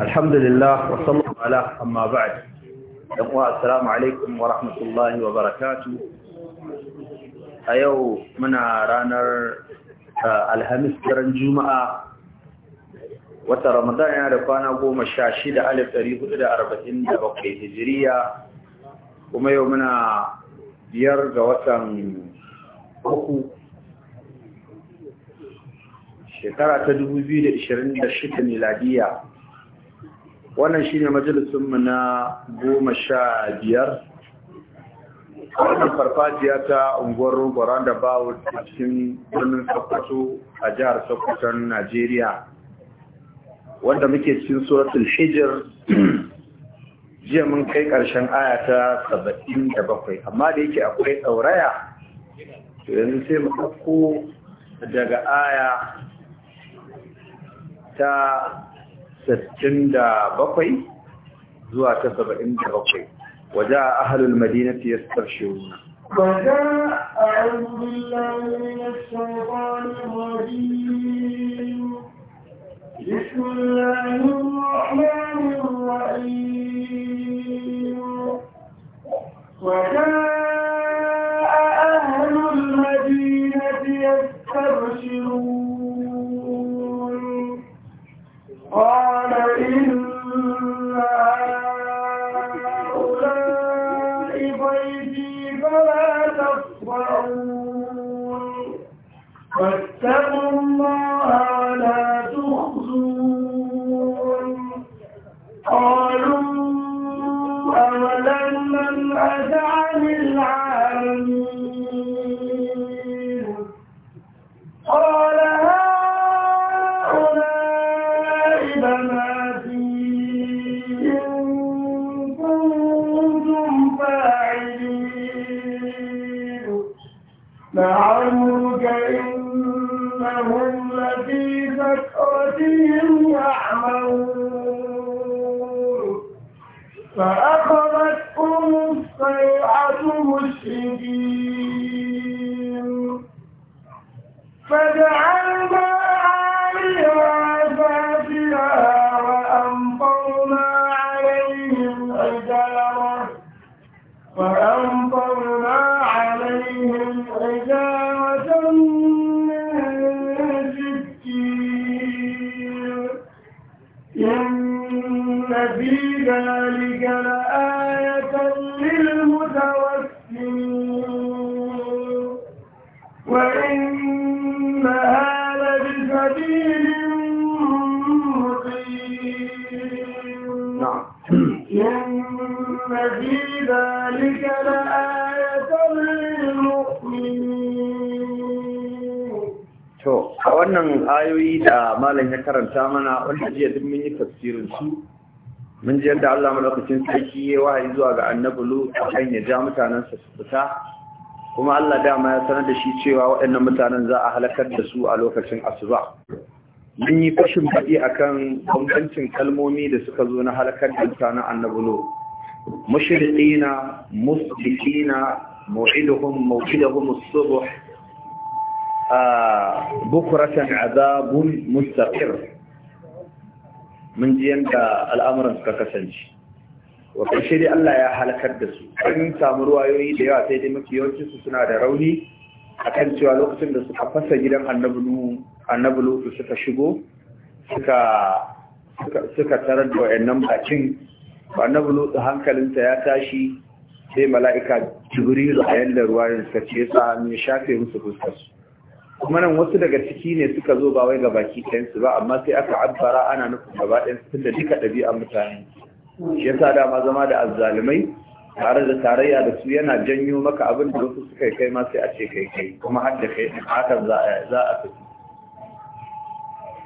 alhamdulillah wa sallallahu ala amma ba'd dan uwa assalamu alaikum wa rahmatullahi wa barakatuh a yau muna ranar uh, alhamis daren juma'a wata ramadan yana da kwana goma sha shida alif ɗari hudu da arba'in da bakwai hijiriya kuma yau muna biyar ga watan uku shekara ta dubu biyu da ishirin da shida miladiya wannan shine majalisun mu na goma sha biyar wannan farfajiya ta unguwar rogoron da bawo a cikin birnin sokoto a jihar sokoton najeriya wanda muke cikin suratul hijir jiya mun kai ƙarshen aya ta saba'in da bakwai amma da yake akwai tsauraya, to yanzu sai mu ɗauko daga aya ta sittin da bakwai zuwa ta saba'in da bakwai waje a ahalul madina ya sarshe wuna بسم الله الرحمن الرحيم وكان قال إن هؤلاء فلا فاتقوا الله ولا تخزون قالوا أولم من karanta mana wanda jiya duk mun yi tafsirin su mun ji yadda Allah malakacin sarki ya wahayi zuwa ga annabi Lut kan ya ja mutanen sa su fita kuma Allah dama ya sanar da shi cewa waɗannan mutanen za a halakar da su a lokacin asuba mun yi fashin faɗi akan bambancin kalmomi da suka zo na halakar da mutanen annabi Lut mushrikina muslikina موعدهم موعدهم الصبح بكرة عذاب مستقر mun ji yadda al'amuran suka kasance wa ƙarshe dai Allah ya halakar da su an samu ruwayoyi da yawa sai dai mafi yawancin su suna da rauni akan cewa lokacin da suka fasa gidan annabi lutu suka shigo suka suka tarar da wayannan bakin annabi lutu hankalinsa ya tashi sai mala'ika jibrilu a yanda ruwayoyin suka ce sa ya shafe musu fuskar su kuma nan wasu daga ciki ne suka zo ba wai ga baki ɗayansu ba amma sai aka abbara ana nufin gaba ɗayansu tun da duka ɗabi'an mutane shi yasa dama zama da azzalumai tare da tarayya da su yana janyo maka abin da wasu suka yi kai ma sai a ce kai kai kuma har da kai haka za a tafi.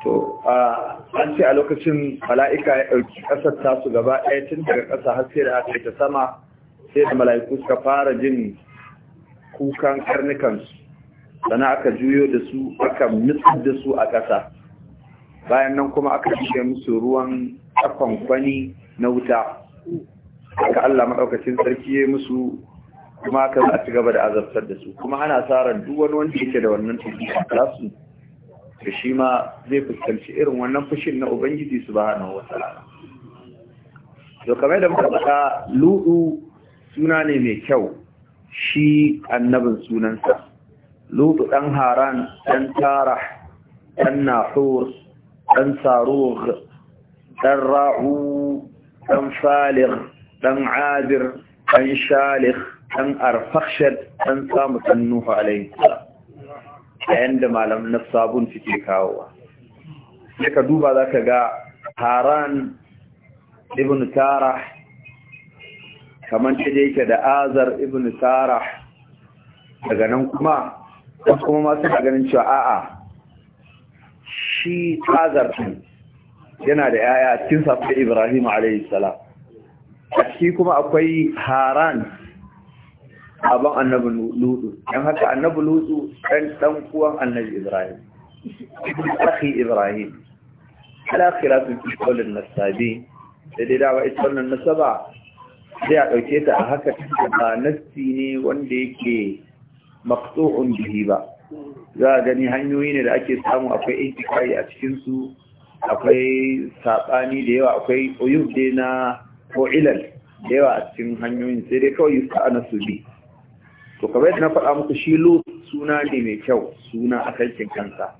to an ce a lokacin mala'ika ya ɗauki ƙasar tasu gaba ɗaya tun daga ƙasa har sai da aka ta sama sai da mala'iku suka fara jin kukan karnukansu sana aka juyo da su aka nutsar da su a ƙasa bayan nan kuma aka shige musu ruwan kwani na wuta aka Allah maɗaukacin sarki ya musu kuma aka za ci gaba da azabtar da su kuma ana tsarar duk wani wanda yake da wannan tafi a kasu da shi ma zai fuskanci irin wannan fushin na ubangiji su ba na wata to kamar da muka faɗa lu'u suna ne mai kyau shi annabin sunansa lutu ɗan haran ɗan tara ɗan nahur ɗan sarur ɗan ra'u ɗan falir ɗan azir ɗan Shalik, ɗan arfakshad ɗan samu ɗan nuhu alaihi a yadda malam na sabon suke kawowa sai duba za ka ga haran ibn tara kamar ta yake da azar ibn tara daga nan kuma wasu kuma masu ganin cewa a'a shi tazar yana da yaya a cikin safi ibrahim a.s. a ciki kuma akwai haran abin annabi ludu yan haka annabi ludu ɗan ɗan kuwan annabi ibrahim akhi ibrahim sun fi ikolin nasabi da dai dawa ita wannan nasaba zai a ɗauke ta a haka ta nassi ne wanda yake maktu'un bihi ba za a gani hanyoyi ne da ake samu akwai intikai a cikin su akwai sabani da yawa akwai uyub na ko ilal da yawa a cikin hanyoyin sai dai kawai yusa ana su bi to kamar yadda na faɗa muku shi lu suna ne mai kyau suna asalcin kansa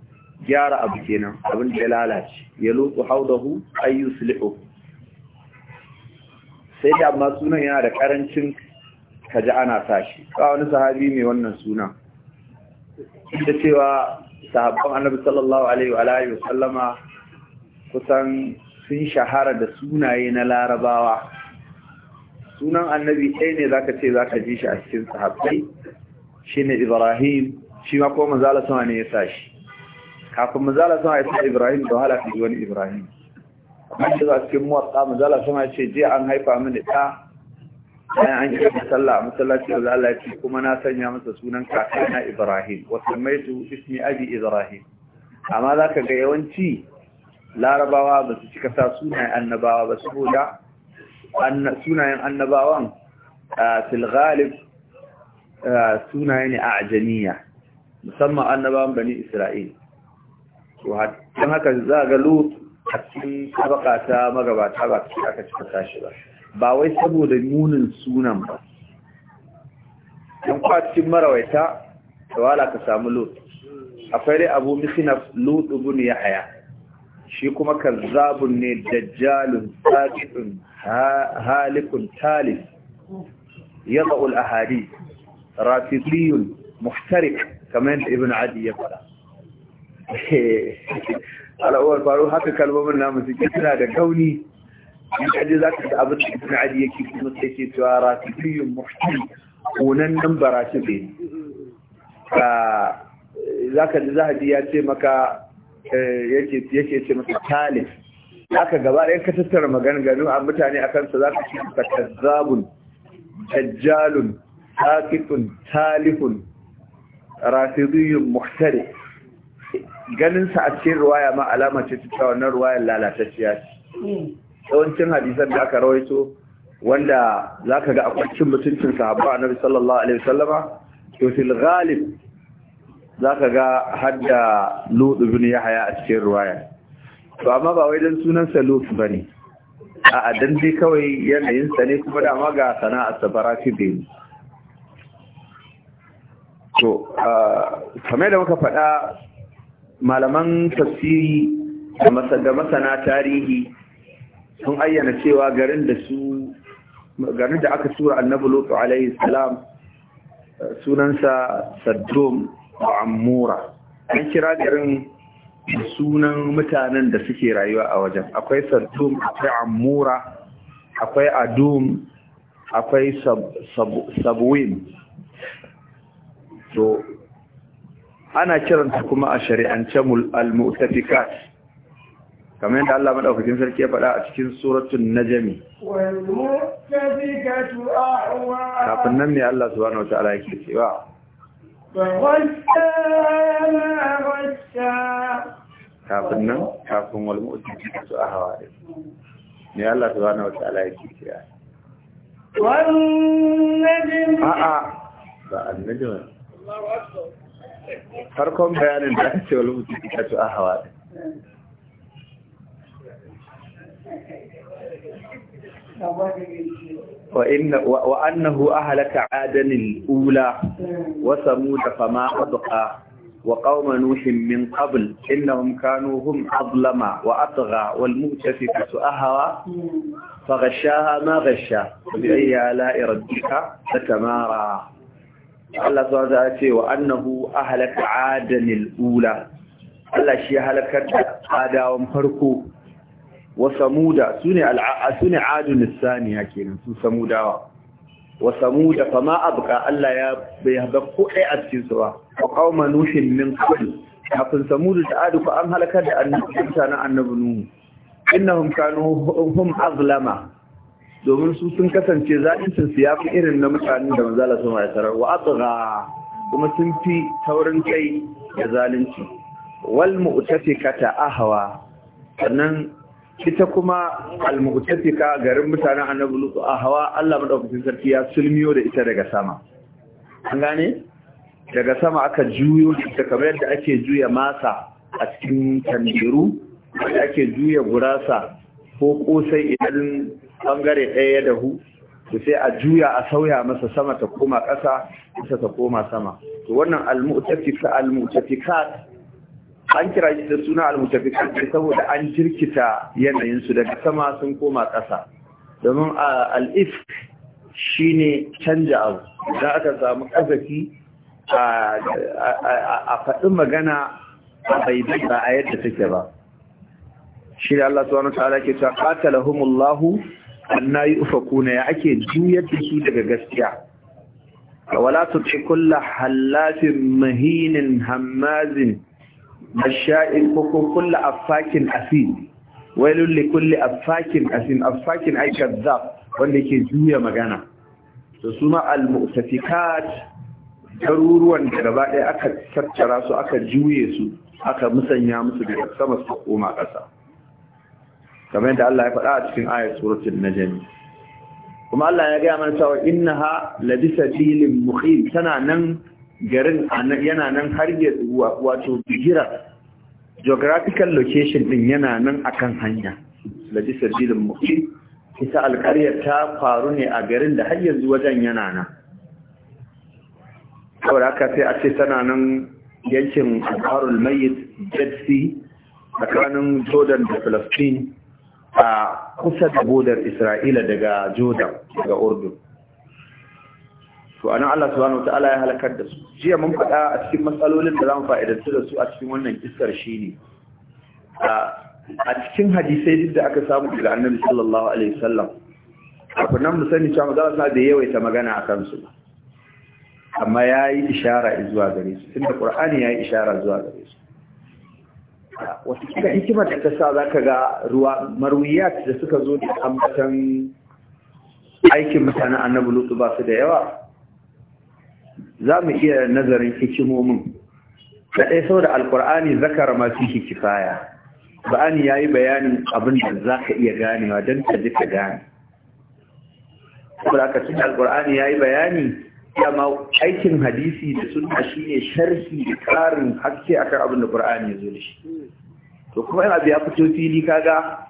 gyara abu kenan abin da ya lalace ya lutu haudahu ayyu sai da amma sunan yana da karancin ka ji ana sa shi ba wani sahabi mai wannan suna da cewa sahabban annabi sallallahu alaihi wa alihi wa sallama kusan sun shahara da sunaye na larabawa sunan annabi ɗaya ne zaka ce zaka ji shi a cikin sahabbai shine ibrahim shi ma kuma manzala sama ne ya sa kafin manzala sama ya sa ibrahim da wahala fi wani ibrahim amma shi za cikin muwatsa manzala sama ya ce je an haifa mini ɗa bayan an yi sallah a masallaci da lalaci kuma na sanya masa sunan kakana Ibrahim wa sammaitu ismi abi Ibrahim amma zaka ga yawanci larabawa ba su cika sa sunayen annabawa ba saboda sunayen annabawan a ghalib sunaye ne a ajaniya musamman annabawan bani Isra'il to haka za ga Lut hakkin tabaka ta magabata ba su aka cika shi ba ba wai saboda munin sunan ba don kwacin marawaita to wala ka samu Lutu. akwai dai abu misinaf lot ya haya. shi kuma kazzabun ne dajjalun saqitun halikun talif yada'u al-ahadi rafidiyun muhtarik kamar ibn adi ya fara al'uwar faru haka kalmomin namu suke suna da kauni in kaji za ka ga abin da ibn ali yake kuma sai ke cewa rafiqiyun muhtim nan barashi ne za ka ji zahabi ya ce maka eh, yake yake ce maka talif ka gaba ɗaya ka tattara maganganu a mutane a kansa za ka ce maka kazzabun tajjalun sakitun talifun rafidiyun muhtari ganinsa a cikin ruwaya ma alama ce ta cewa wannan ruwayar lalatacciya ce hmm. yawancin hadisan da aka rawaito wanda za ka ga akwai cin mutuncin sahabba a nabi sallallahu alaihi wasallama to fil ghalib za ka ga hadda lut ibn yahya a cikin ruwaya to amma ba wai dan sunan sa bane a adan dai kawai yanayinsa ne kuma da ma ga sana'a safarati bin to ah, kamar da muka faɗa malaman tafsiri da masana tarihi sun ayyana cewa garin da su garin da aka tura annabi lutu alaihi salam sunansa saddom a ammura an kira garin sunan mutanen da suke rayuwa a wajen akwai saddom akwai ammura akwai adum akwai sabwin to ana kiranta kuma a shari'ance al-mu'tafikat kamar yadda Allah madaukakin sarki ya faɗa a cikin suratul najmi kafin nan ne Allah subhanahu wataala yake cewa kafin nan kafin wal mu'tafikatu ahwa ne Allah subhanahu wataala yake cewa wannan a'a ba annajmi Allahu akbar farkon bayanin da aka ce wani وإن وأنه أهلك عادا الأولى وثمود فما أبقى وقوم نوح من قبل إنهم كانوا هم أظلم وأطغى والمؤتفكة أهوى فغشاها ما غشى فبأي آلاء ربك تتمارى Allah subhanahu wa ta'ala ce wa annahu a halatta adanil ula Allah shi halakar da adawan farko wa samuda sune al'asune adun saniya kenan su samudawa wa samuda fama abqa Allah ya bai haba ko ɗaya a cikin su ba wa nufin min qabl kafin samudu da adu ko an halakar da annabi mutanen annabi nuhu innahum kanu hum azlama domin su sun kasance zaɗinsu su ya fi irin na mutanen da manzala sun ya sarar wa ga kuma sun fi taurin kai da zalunci wal ta Ahawa! sannan ita kuma al-mu'tafika garin mutanen annabi lutu Hawa Allah madaukakin sarki ya sulmiyo da ita daga sama an gane daga sama aka juyo da kamar yadda ake juya masa a cikin tandiru ake juya gurasa ko kosai idan bangare ɗaya ya dahu to sai a juya a sauya masa sama ta koma ƙasa ƙasa ta koma sama to wannan almu'tafika almu'tafikat an kira shi da suna almu'tafikat ne saboda an jirkita yanayin su daga sama sun koma ƙasa domin al'if shine canja abu idan aka samu ƙazafi a faɗin magana a bai ba a yadda take ba shi da Allah subhanahu wataala ke ta qatalahumullahu anna yufakuna ya ake juyar da su daga gaskiya wala tuti kullu hallafin mahinin hammazin masha'in ko kullu affakin asin wailul li kulli affakin asin affakin ay wanda ke juya magana to suma al-mu'tafikat garuruwan da gaba aka tattara su aka juye su aka musanya musu daga sama su koma ƙasa kamar yadda Allah ya faɗa a cikin ayar suratul najm kuma Allah ya gaya mana cewa innaha labisabilin muqim tana nan garin yana nan har ya wato bigira geographical location din yana nan akan hanya labisabilin muqim ita alƙaryar ta faru ne a garin da har yanzu wajen yana nan saboda haka sai a ce tana nan yankin al mayyit dead sea tsakanin jordan da Palestine a kusa da bodar Isra'ila daga Jordan daga Urdun to anan Allah subhanahu ya halakar da su jiya mun faɗa a cikin matsalolin da zamu fa'idantu da su a cikin wannan shi ne. a cikin hadisai duk da aka samu daga Annabi sallallahu alaihi wasallam akwai nan mu sani cewa manzo Allah bai yawaita magana akan su amma yayi ishara zuwa gare su tunda Qur'ani yi ishara zuwa gare su wata kila hikimar da ta sa za ka ga ruwa marwiyat da suka zo da ambatan aikin mutanen annabi lutu ba su da yawa za mu iya nazarin hikimomin da ɗaya sau da alkur'ani zakara ma fi kifaya ba'ani ya yi bayanin abin da za ka iya ganewa don ka ji ka gane saboda ka cikin alkur'ani ya yi bayani Yamma aikin hadisi da sunna shine sharhi da karin haske akan abin da Qur'ani ya zo da shi to kuma yana biya fito fili kaga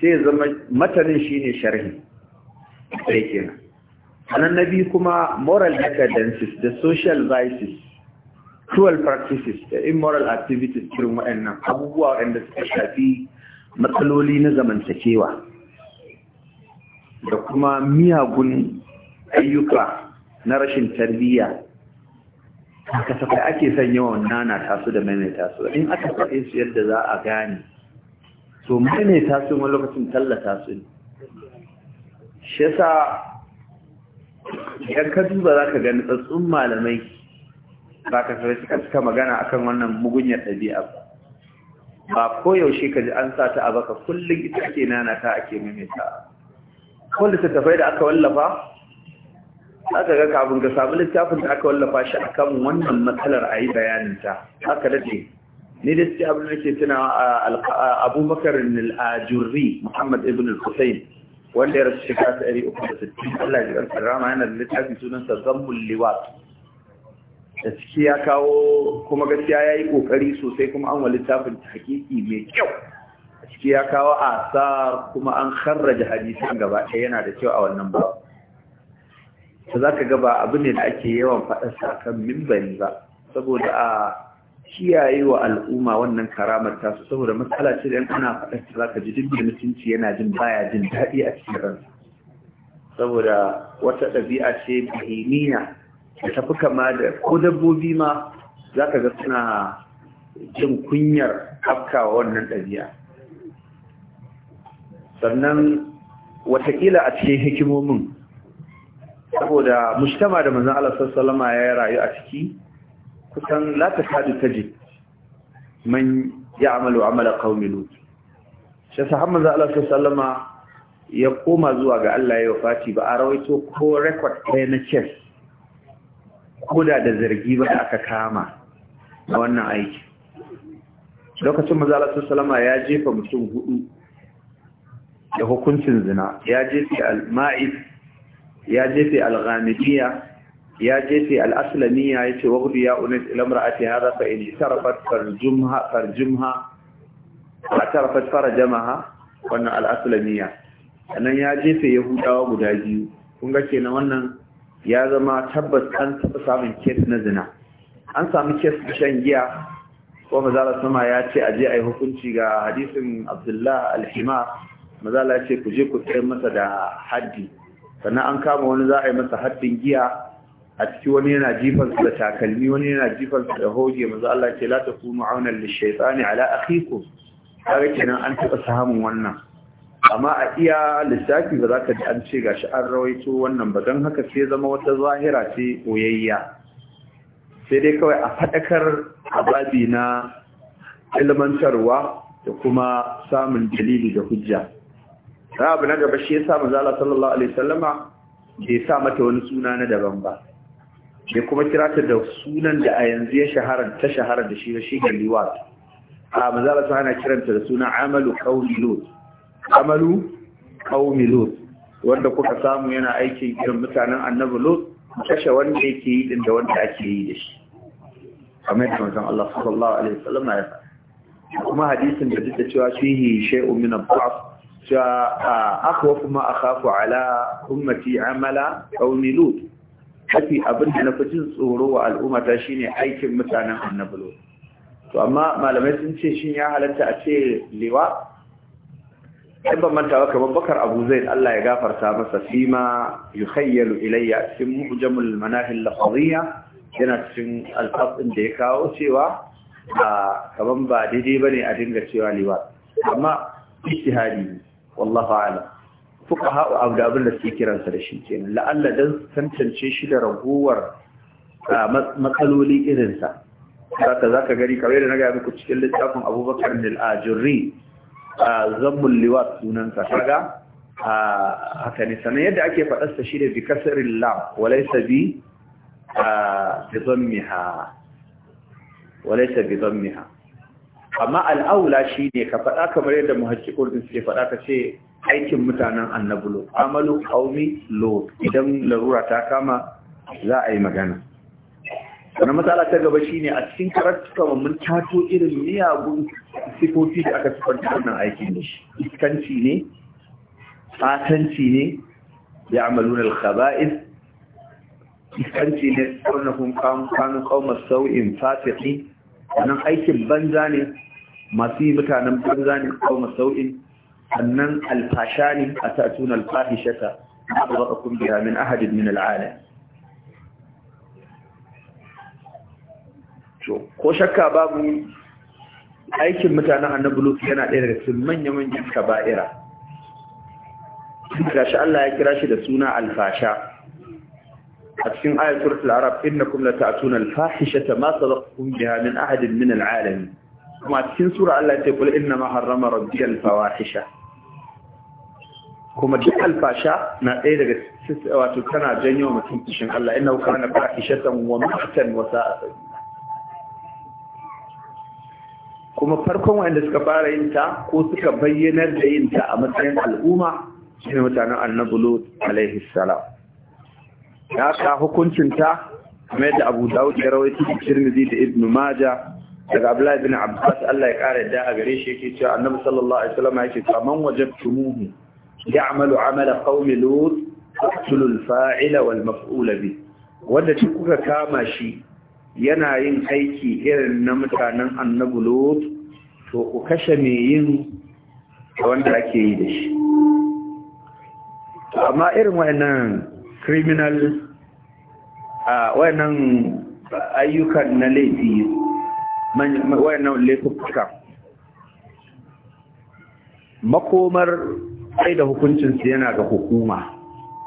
sai zama matanin shine sharhi sai kenan na biyu kuma moral decadences da social vices cruel practices da immoral activities irin waɗannan abubuwa waɗanda suka shafi matsaloli na zamantakewa da kuma miyagun ayyuka na rashin tarbiyya kasafai ake son yawan nana tasu da maimaita su in aka faɗe su yadda za a gane to maimaita su wani lokacin tallata su ne shi yasa idan ka duba za ka gani tsatsun malamai ba ka sai suka cika magana akan wannan mugunyar ɗabi'a ba ba yaushe ka ji an sa ta a baka kullum ita ake nana ta ake maimaita wanda ta tafai da aka wallafa aka ga kafin ka samu littafin da aka wallafa shi akan wannan matsalar a yi ta aka daɗe ni da suke abin da ke tunawa a abubakar al'ajurri muhammad ibn al husayn wanda ya rasu shekara ta ɗari uku da sittin allah ji ƙarfin rama yana da littafi sunansa zambul liwat da ciki ya kawo kuma gaskiya ya yi ƙoƙari sosai kuma an wa littafin ta hakiki mai kyau a ciki ya kawo asar kuma an kharraja hadisan gaba ɗaya yana da kyau a wannan babu ta za ka gaba abu ne da ake yawan faɗarsa akan kan ba saboda a kiyaye wa al'umma wannan karamar tasu saboda matsala ce da yan faɗa faɗarsa za ka ji duk mutunci yana jin baya jin daɗi a cikin ransa saboda wata ɗabi'a ce bahimiya da tafi kama da ko dabbobi ma za ka ga suna jin kunyar afkawa wannan ɗabi'a sannan watakila a cikin hikimomin saboda mujtama da manzon Allah sallallahu alaihi ya rayu a ciki kusan la tasadu taji man ya'malu amala qaumi lut shi sahabban manzon Allah sallallahu alaihi ya koma zuwa ga Allah ya wafati ba a rawaito ko record ɗaya na chess koda da zargi ba aka kama a wannan aiki lokacin manzon Allah sallallahu alaihi ya jefa mutum hudu da hukuncin zina ya jefa al-ma'id ya jefe al-ghamidiyya ya jefe al-aslamiyya yace ya unat ila ake hadha fa in tarafat farjumha farjumha tarafat wannan al sannan ya jefe yahudawa guda biyu kun ga kenan wannan ya zama tabbas an taɓa samun kes na zina an samu kes da shan giya ko mazala sama ya ce aje a yi hukunci ga hadisin abdullah alhima mazala ce ku je ku tsaye masa da haddi sannan an kama wani za a yi masa haddin giya a ciki wani yana su da takalmi wani yana su da hoge. manzo Allah ce la takunu aunan ne ala akhikum kaga kenan an taba samun wannan amma a iya lissafi ba za ka ji an ce gashi an rawaito wannan ba don haka sai zama wata zahira ce boyayya sai dai kawai a faɗakar ababi na ilmantarwa da kuma samun dalili da hujja ta abu na gaba shi ya sa mazala sallallahu alaihi sallama bai sa mata wani suna na daban ba shi kuma kira ta da sunan da a yanzu ya shahara ta shahara da shi da shi ga liwat a mazala sa hana kiranta da suna amalu qaumi lot amalu qaumi lot wanda kuka samu yana aikin irin mutanen annabi lot kashe wanda yake yi din da wanda ake yi da shi kamar yadda Allah sallallahu alaihi wasallam ya faɗa kuma hadisin da duk da cewa fihi shay'un min al-ba'th cewa akwa kuma a kafu ala ummati amala ƙauni lut hafi abin na fi tsoro wa al'ummata shine aikin mutanen annabi lut to amma malamai sun ce shin ya halatta a ce lewa ai ban manta kamar bakar abu zaid Allah ya gafarta masa fima hayyalu ilayya cikin mu'jamul manahil lafziyya yana cikin alfasin da ya kawo cewa a kaman ba daidai bane a dinga cewa liwa amma ijtihadi wallahu a'lam fuqaha abu da abin da suke kiransa da shi kenan la'alla dan tantance shi da ragowar matsaloli irinsa haka za ka gari kawai da na gaya muku cikin littafin abubakar nil'ajirri a zammun sunan sunansa kaga a haka ne yadda ake faɗarsa shi da bi kasarin lam walai sabi a bi zammiha walai sabi zammiha amma al'aula shi ne ka faɗa kamar yadda muhajji kurdin suke faɗa ka ce aikin mutanen annabu lo amalu kaumi lo idan larura ta kama za a yi magana wani matsala ta gaba shi ne a cikin karatuka mun tato irin miyagun sifofi da aka sifanta wannan aikin da shi iskanci ne fatanci ne ya amalu na khabais iskanci ne sannan kun sau'in fasiqin sannan aikin banza ne masu yi mutanen banza ne kawo masau'in sannan alfasha ne a tatun alfahishata na baka kungiya min ahadin min al'ala ko shakka babu aikin mutanen annabi lutu yana ɗaya daga cikin manyan manyan kaba'ira ga shi Allah ya kira shi da suna alfasha a cikin ayat suratul arab innakum lata'tuna al-fahishata ma sabaqakum biha min ahadin min al-alamin kuma cikin sura Allah ce kula inna ma harrama rabbi al-fawahisha kuma duk alfasha na ɗaya daga wato tana janyo mutum kishin Allah inna kana fahishatan wa muhtan wa sa'a kuma farkon wanda suka fara yin ta ko suka bayyanar da yin ta a matsayin al'umma shine mutanen annabi lut alaihi salam ya ka hukuncinta kuma yadda abu dawud ya rawaito da tirmidhi da ibnu maja daga abdullahi bin abbas Allah ya kara da a gare shi yake cewa annabi sallallahu alaihi wasallam yake cewa man wajabtumuhu ya'malu amala qaumi lut faqtulu al-fa'ila wal maf'ula bi wanda duk kuka kama shi yana yin aiki irin na mutanen annabi lut to ku kashe me yin wanda ake yi da shi amma irin wayannan criminal a wayannan ayyukan na laifi wayannan laifuka makomar sai da hukuncinsu yana ga hukuma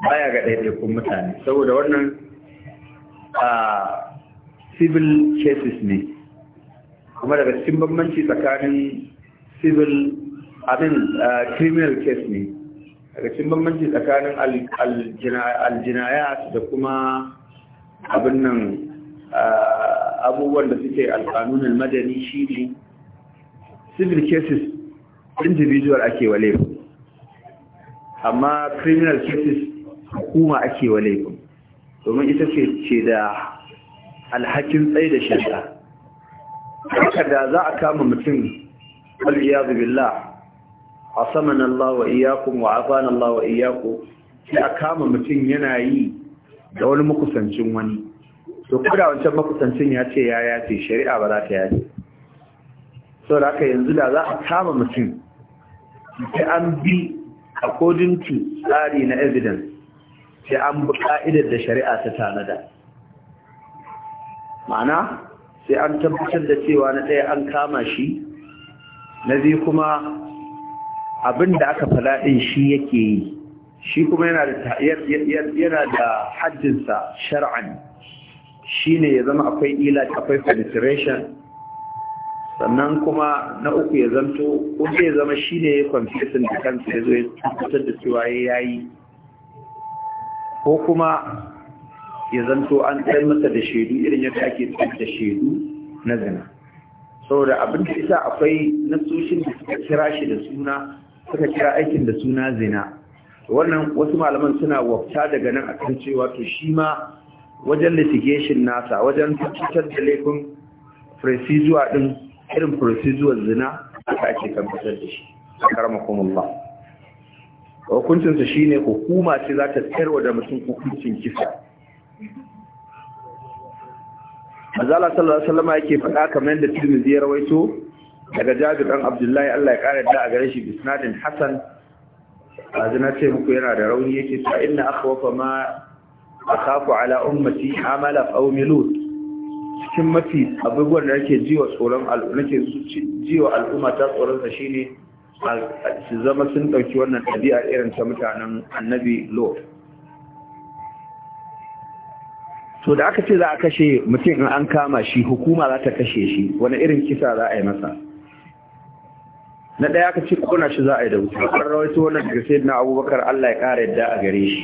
baya ga ɗaiɗaikun mutane saboda wannan a civil cases ne kuma daga cikin bambanci tsakanin civil abin criminal case ne daga cikin bambanci tsakanin aljinayat da kuma abin nan abubuwan da suke alkanunin madani shi ne civil cases individual ake wa laifin amma criminal cases hukuma ake wa laifin domin ita ce da alhakin tsaye da shari'a haka da za a kama mutum wal iyadu asaman Allah wa iyyakum wa afana Allah wa sai a kama mutum yana yi da wani makusancin wani to koda wancan makusancin ya ce ya yace shari'a ba za ta yace so da haka yanzu da za a kama mutum sai an bi according to tsari na evidence sai an bi ka'idar da shari'a ta tanada ma'ana sai an tabbatar da cewa na ɗaya an kama shi na biyu kuma abin da aka fada shi yake yi shi kuma yana da yana da haddinsa shar'an shine ya zama akwai ila akwai penetration sannan kuma na uku ya zanto ko ya zama shine ya confessing da kansa ya zo ya tabbatar da cewa ya yayi ko kuma ya zanto an tsayar masa da shaidu irin yadda ake da shaidu na zina saboda abin da isa akwai nasoshin da suka kira shi da suna suka kira aikin da suna zina wannan wasu malaman suna wafta daga nan a kan cewa to shi ma wajen litigation nasa wajen cutar da laifin procedure din irin procedure zina aka ake tabbatar da shi a Hukuncinsu shi shine hukuma ce za ta tsayarwa da mutum hukuncin kisa Azala sallallahu alaihi wasallam yake faɗa kamar yadda Tirmidhi ya rawaito daga jabi ɗan abdullahi allah ya ƙara da a gare shi bisnadin hassan a zina ce muku yana da rauni yake ta inna aka wafa ma a kafu ala ummati amala faumilut cikin mafi abubuwan da nake jiwa tsoron al'umma jiwa al'umma ta sa shine su zama sun ɗauki wannan ɗabi'a irin ta mutanen annabi lo to da aka ce za a kashe mutum in an kama shi hukuma za ta kashe shi wani irin kisa za a yi masa na ɗaya aka ce kona shi za a yi da wuta an rawaito wannan daga sai na abubakar allah ya ƙara yadda a gare shi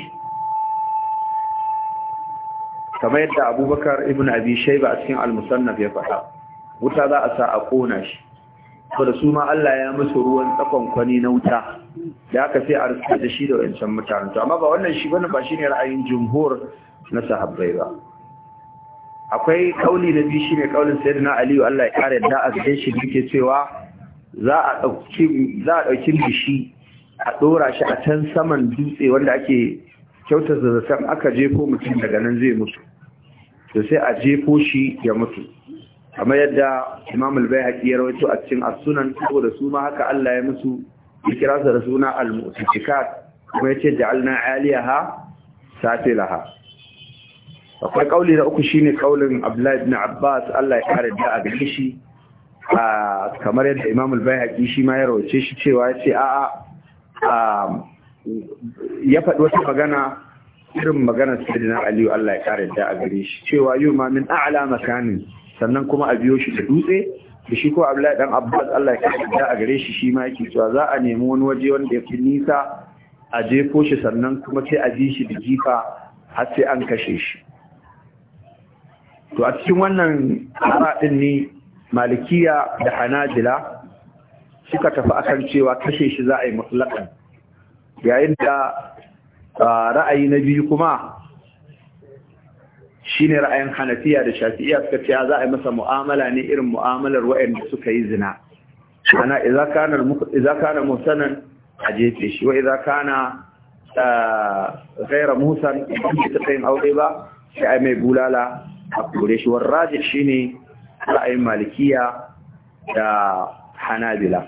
kamar yadda abubakar ibn abi shaiba a cikin almusannaf ya faɗa wuta za a sa a kona shi saboda su ma allah ya musu ruwan tsakon kwani na wuta da aka sai a rika da shi da wancan mutanen to amma ba wannan shi bane ba shine ra'ayin jumhur na sahabbai ba akwai kauli na biyu shine kaulin sayyidina ali Allah ya kare da a gare shi yake cewa za a ɗauki bishi a ɗora shi a can saman dutse wanda ake kyauta zazzafin aka jefo mutum daga nan zai mutu to sai a jefo shi ya mutu kamar yadda imam albai haƙi ya rawaito a cikin asunan da su ma haka allah ya musu ya kira da suna al mutikat kuma ya ce ja'alna aliyaha safilaha akwai kauli da uku shine kaulin abdullahi ibn abbas allah ya kare da a gare shi kamar yadda imam al shi ma ya rawace shi cewa ya ce a'a ya faɗi wata magana irin magana na aliyu Allah ya kare da a gare shi cewa yau ma min a'la makanin sannan kuma a biyo shi da dutse da shi ko abu dan Abbas Allah ya kare da a gare shi shi ma yake cewa za a nemi wani waje wanda ya fi nisa a jefo shi sannan kuma sai a bi shi da jifa har sai an kashe shi to a cikin wannan ara ɗin ne malikiya da hanajila suka tafi akan cewa kashe shi za a yi mutlaƙan yayin da ra'ayi na biyu kuma shi ne ra'ayin hanafiya da shafi'iya suka ce za a yi masa mu'amala ne irin mu'amalar waɗanda suka yi zina ana iza kana musanan a jefe shi wa iza kana gaira musan ta tsayin aure ba sai ai mai bulala a kore shi shi shine ra'ayin malikiya da hanabila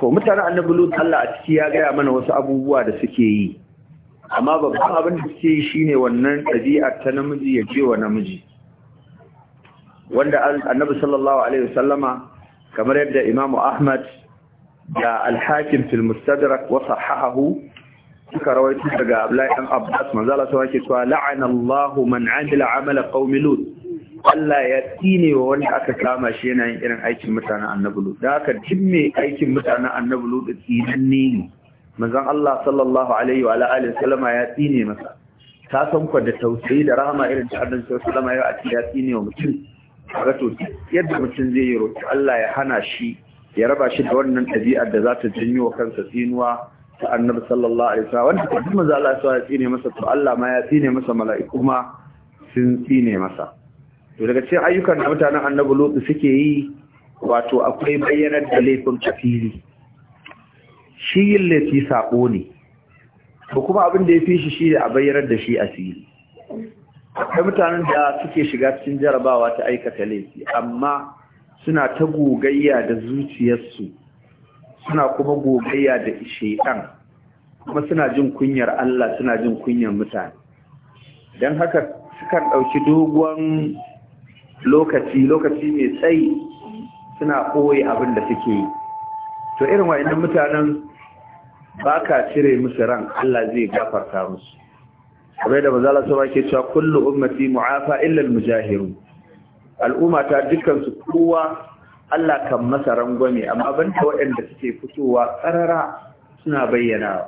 ko mutanen annabi lut Allah a ciki ya gaya mana wasu abubuwa da suke yi amma babban abin da suke yi shine wannan ɗabi'ar ta namiji ya je wa namiji wanda annabi sallallahu alaihi wasallama kamar yadda imamu ahmad da al-hakim fil mustadrak wa sahahahu suka rawaito daga Abdullahi dan Abbas manzo Allah sai yake cewa la'ana Allahu man 'amila 'amala qaumi lut Allah ya tsine wa wanda aka kama shi yana yin irin aikin mutanen annabi Lut. Da haka duk aikin mutanen annabi Lut tsinan ne. Manzon Allah sallallahu alaihi wa alihi sallama ya tsine masa. Ta san ku da tausayi da rahama irin ta Annabi sallallahu alaihi wa alihi ya tsine wa mutum. Kaga to yadda mutum zai yi roƙi Allah ya hana shi ya raba shi da wannan ɗabi'ar da za ta janyo kansa tsinuwa ta annar sallallahu alaihi wasallam wanda duk manzo Allah ya tsine masa to Allah ma ya tsine masa mala'iku ma sun tsine masa to daga cikin ayyukan da mutanen annabi lutu suke yi wato akwai bayyanar da laifin kafiri shi yin laifi sabo ne to kuma abin da ya fi shi shi a bayyanar da shi asiri akwai mutanen da suke shiga cikin jarabawa ta aikata laifi amma suna ta gogayya da zuciyarsu suna kuma gogayya da shaitan kuma suna jin kunyar Allah suna jin kunyar mutane don haka suka ɗauki dogon lokaci lokaci mai tsayi suna ɓoye abin da suke yi to irin wa'annan mutanen ba ka cire musu ran Allah zai gafarta musu kamar da mazala ba ke cewa kullu ummati mu'afa illa al-mujahirun al'umma ta dukkan su kowa Allah kan masa rangwame amma ban ta waɗanda suke fitowa ƙarara suna bayyana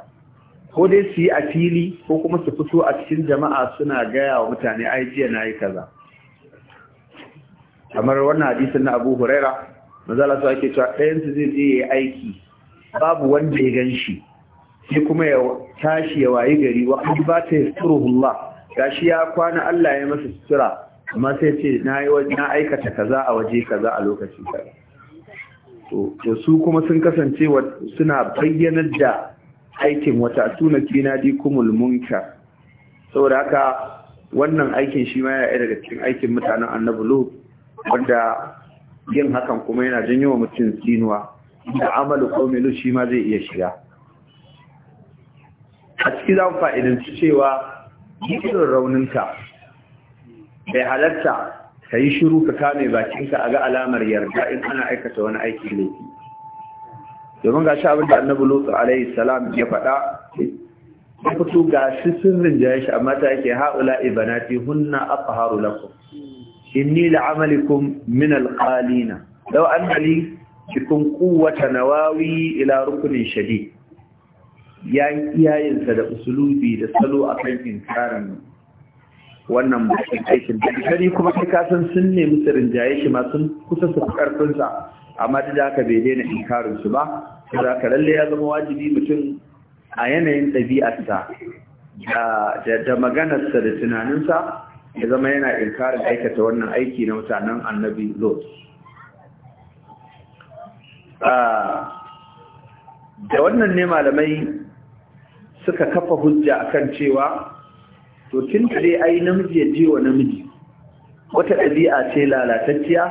ko dai su yi a fili ko kuma su fito a cikin jama'a suna gaya wa mutane ai jiya na yi kaza kamar wannan hadisin na Abu Huraira manzala su ake cewa ɗayan su zai je ya aiki babu wanda ya gan shi sai kuma ya tashi ya wayi gari wa ba ta gashi ya kwana Allah ya masa sutura amma sai ce na aikata kaza a waje kaza a lokaci ka. to su kuma sun kasance suna bayyanar da aikin wata suna di kumul munka saboda haka wannan aikin shi ma ya daga cikin aikin mutanen annabi wanda yin hakan kuma yana janyo wa mutum tsinuwa da amalu ko shi ma zai iya shiga a ciki za mu fa'idanci cewa yi raunin rauninka bai halatta ka yi shiru ka kame bakinka a ga alamar yarda in ana aikata wani aiki laifi domin ga shi abin da annabi lutsu alaihi salam ya faɗa ya fito ga shi sirrin jaye shi amma ta yake haula ibanati hunna afharu lakum inni la'amalikum min alqalina law annali cikin quwwata nawawi ila rukunin shadid ya iyayensa da usulubi da salo akan inkarin wannan bakin aikin da gani kuma kai ka sun nemi su rinjaye shi ma sun kusa su karfin amma da haka bai daina inkarin su ba da haka lalle ya zama wajibi mutum a yanayin ɗabi'arsa da da maganarsa da tunaninsa ya zama yana inkarin aikata wannan aiki na mutanen annabi lot ah, da wannan ne malamai suka kafa hujja akan cewa to tun dai ai namiji ya wa namiji wata ɗabi'a ce lalatacciya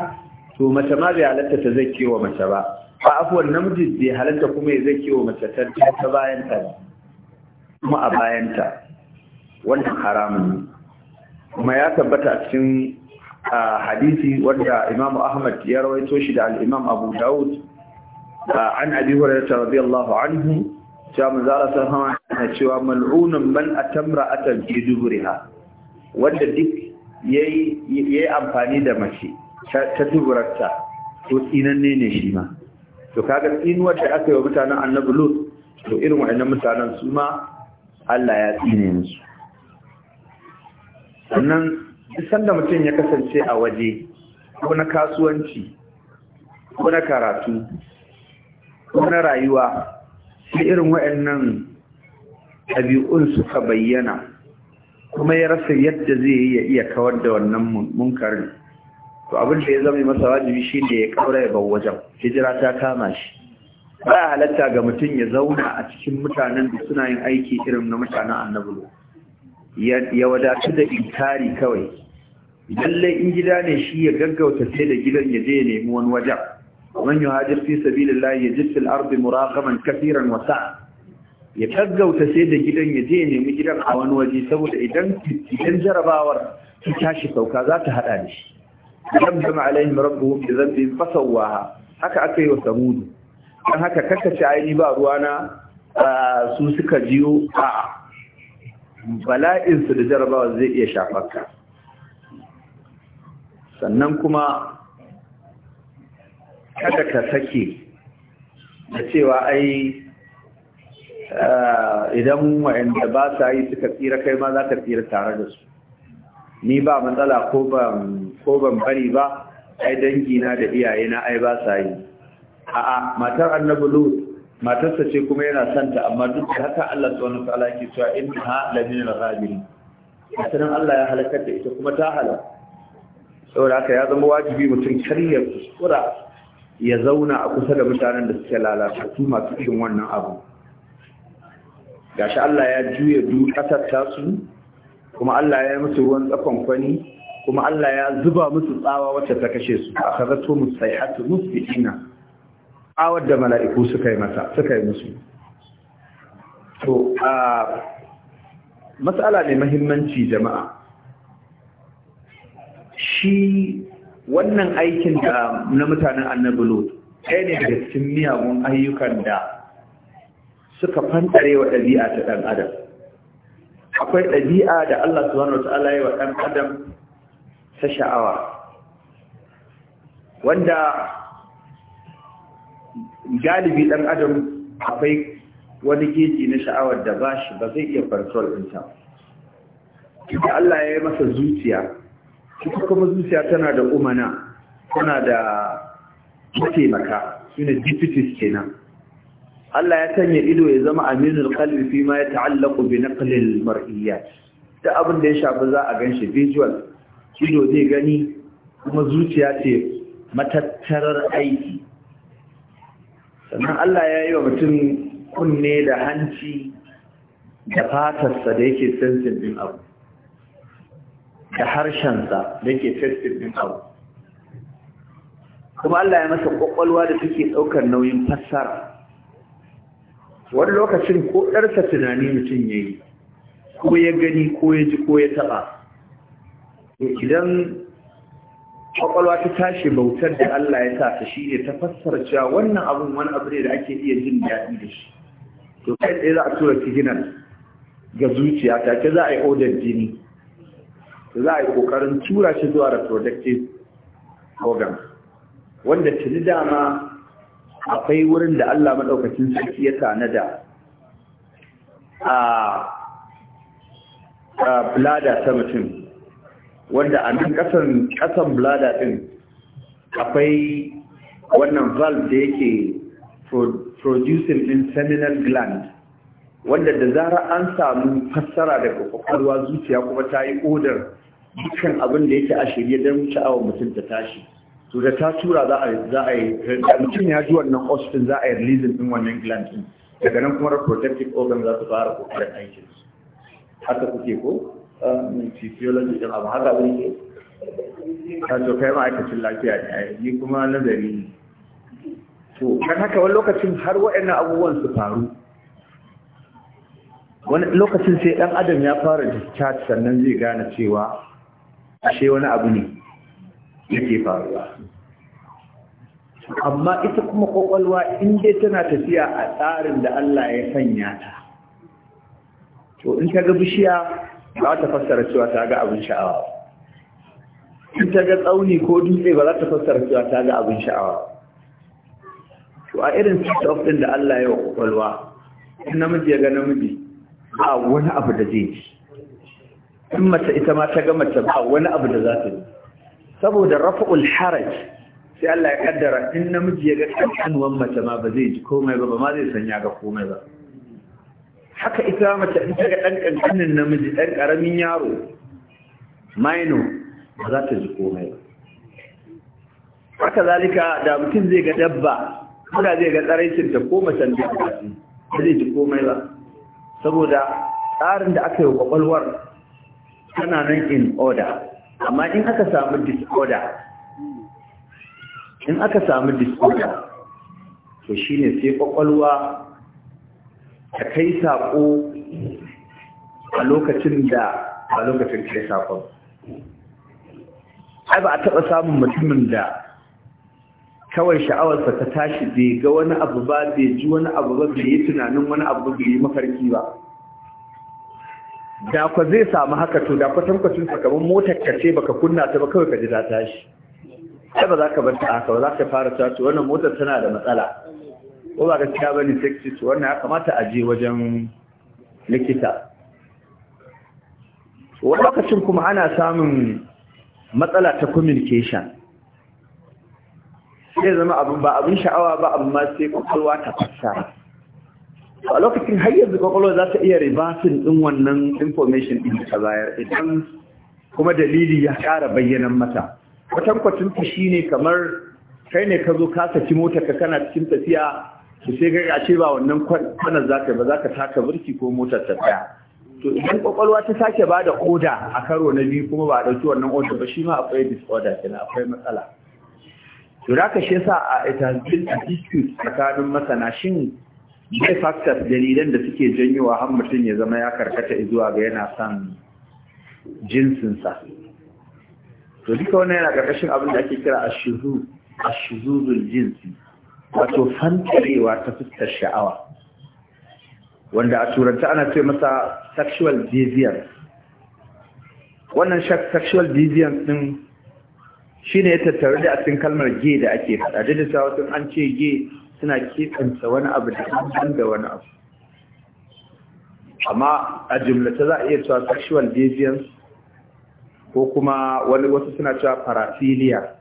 to mace ma bai halatta ta zai kewa mace ba ba afuwar namiji bai halatta kuma ya zai kewa mace ta ta bayan ta kuma a bayan ta wannan haramun ne kuma ya tabbata a cikin hadisi wanda Imam Ahmad ya rawaito shi da alimam Abu Dawud an Abi Hurairah radiyallahu anhu cewa manzara ta hawa na cewa mal'unan man atamra atan fi duburiha wanda duk ya yi amfani da mace ta duburarta to tsinanne ne shi ma to kaga tsinuwar da aka yi wa mutanen annabi lut to irin waɗannan mutanen su ma Allah ya tsine musu sannan duk sanda mutum ya kasance a waje ko na kasuwanci ko na karatu ko na rayuwa sai irin wa'annan ɗabi'un suka bayyana kuma ya rasa yadda zai yi ya iya kawar da wannan munkar to abin da ya zama masa wajibi shi ne ya kaura ya bau wajen hijira ta kama shi ba a halatta ga mutum ya zauna a cikin mutanen da suna yin aiki irin na mutanen annabulo ya wadatu da inkari kawai lallai in gida ne shi ya gaggauta sai da gidan ya je ya nemi wani wajen ومن يهاجر في سبيل الله يجد في الأرض مراقما كثيرا وسعا ya gaggauta sai da gidan ya je ya nemi gidan a wani waje saboda idan idan jarabawar ta tashi sauka za ta hada da shi dan jama alaihim rabbuhum bi dhanbin fasawaha haka aka yi wa samud dan haka ci aini ba ruwana su suka jiyo a'a. Bala'insu da jarabawa zai iya shafarka sannan kuma kada ka sake da cewa ai idan wa'anda ba sa yi suka tsira kai ma za ka tsira tare da su ni ba matsala ko ban bari ba ai na da iyayena ai ba sa yi a'a matar annabu lut matarsa ce kuma yana santa amma duk da haka Allah subhanahu wataala ke cewa ha lamin al-ghabirin sanan Allah ya halakar da ita kuma ta halaka saboda haka ya zama wajibi mutum kar kuskura ya zauna a kusa da mutanen da suke lalata su masu irin wannan abu gashi Allah ya juya du kasar tasu kuma Allah ya musu ruwan tsakon kwani kuma Allah ya zuba musu tsawa wacce ta kashe su akhadatu musayhatu musbihina awar da mala'iku suka yi mata suka yi musu to a matsala ne mahimmanci jama'a shi wannan aikin da na mutanen annabi lot ɗaya ne daga cikin miyagun ayyukan da suka fantare wa ɗabi'a ta ɗan adam akwai ɗabi'a da Allah subhanahu wata'ala ya wa ɗan adam ta sha'awa wanda galibi ɗan adam akwai wani geji na sha'awar da ba shi ba zai iya farsuwar ɗinta da Allah ya yi masa zuciya ita kuma zuciya tana da umana tana da mataimaka shine deputies kenan Allah ya sanya ido ya zama aminul qalbi fi ma yata'allaqu bi naqlil mar'iyat da abin da ya shafi za a ganshi visual ido zai gani kuma zuciya ce matattarar aiki sannan Allah ya yi wa mutum kunne da hanci da fatarsa da yake sensin din abu da harshensa da ke festive din abu kuma Allah ya masa kwakwalwa da take ɗaukar nauyin fassara wani lokacin ko ɗarsa tunani mutum ya yi ko ya gani ko ya ji ko ya taɓa idan ƙwaƙwalwa ta tashi bautar da Allah ya sa ta shi ne ta fassara cewa wannan abun wani abu ne da ake iya jin daɗi da shi to kai tsaye za a tura signal ga zuciya ta ke za a yi odar jini da za a yi kokarin tura shi zuwa reproductive program wanda tuni dama akwai wurin da Allah maɗaukacin sarki ya tanada a blada ta mutum wanda a nan ƙasan ƙasan blada ɗin akwai wannan valve da yake producing in seminal gland wanda da zara an samu fassara daga kwakwalwa zuciya kuma ta yi odar dukkan abin da yake a shirye don sha'awar mutum ta tashi to da ta tura za a za a yi mutum ya ji wannan oxygen za a yi releasin din wannan gland din daga nan kuma reproductive organ za su fara kokarin aikin su haka kuke ko ah, physiology din abu haka abin ke a ah, to kai ma'aikacin lafiya ne ni kuma nazari ne to kan haka wani lokacin har waɗannan abubuwan su faru wani lokacin sai ɗan adam ya fara discharge sannan zai gane cewa ashe wani abu ne yake faruwa amma ita kuma kwakwalwa in dai tana tafiya a tsarin da Allah ya sanya ta to in ta ga bishiya ba ta fassara cewa ta ga abin sha'awa in ta ga tsauni ko dutse ba za ta fassara cewa ta ga abin sha'awa to a irin set din da Allah ya wa kwakwalwa namiji ya ga namiji ba wani abu da zai ji in mace ita ma ta ga mace ba wani abu da za ta yi saboda rafa'ul haraj sai Allah ya kaddara in namiji ya ga kankanuwan mace ma ba zai ji komai ba ba ma zai sanya ga komai ba haka ita mace in ta ga dan kankanin namiji dan karamin yaro maino ba za ta ji komai ba haka zalika da mutum zai ga dabba kuma zai ga ta ko mace da ba zai ji komai ba saboda tsarin da aka yi wa kwakwalwar tana nan in order amma in aka samu disorder in aka samu disorder to shine sai kwakwalwa ta kai sako a lokacin da a lokacin kai sakon ai ba a taɓa samun mutumin da kawai sha'awarsa ta tashi bai ga wani abu ba bai ji wani abu ba bai yi tunanin wani abu bai yi mafarki ba da ku zai samu haka to da kwatankwacin sakamakon motar ka ce baka kunna ta ba kawai ka ji ta tashi sai ba za ka bar ta haka ba za ka fara ta to wannan motar tana da matsala ko ba gaskiya ba ne sai to wannan ya kamata a je wajen likita wani lokacin kuma ana samun matsala ta communication sai zama abin ba abin sha'awa ba amma sai kwakwalwa ta fassara a lokacin har yanzu kwakwalwa za ta iya reversin ɗin wannan information din ta bayar idan kuma dalili ya ƙara bayyanan mata kwatin ta shine kamar kai ne ka zo ka saki mota ka kana cikin tafiya to sai ga ce ba wannan kwanan za ka ba za ka taka birki ko motar ta tsaya to idan kwakwalwa ta sake ba da oda a karo na biyu kuma ba a ɗauki wannan oda ba shi ma akwai disorder kenan akwai matsala to da ka shi yasa a ita a dispute tsakanin masana shin mai factors dalilan da suke janyowa har mutum ya zama ya karkata zuwa ga yana son jinsinsa to duka wannan yana karkashin abin da ake kira a ashuzuzul jinsi wato fantarewa ta fuskar sha'awa wanda a turanta ana ce masa sexual deviance wannan sexual deviance din shine ya tattare da a kalmar gay da ake faɗa da ta wasu an ce gay suna keɓanta wani abu da kan da wani abu amma a jimlata za a iya cewa sexual deviance ko kuma wani wasu suna cewa paraphilia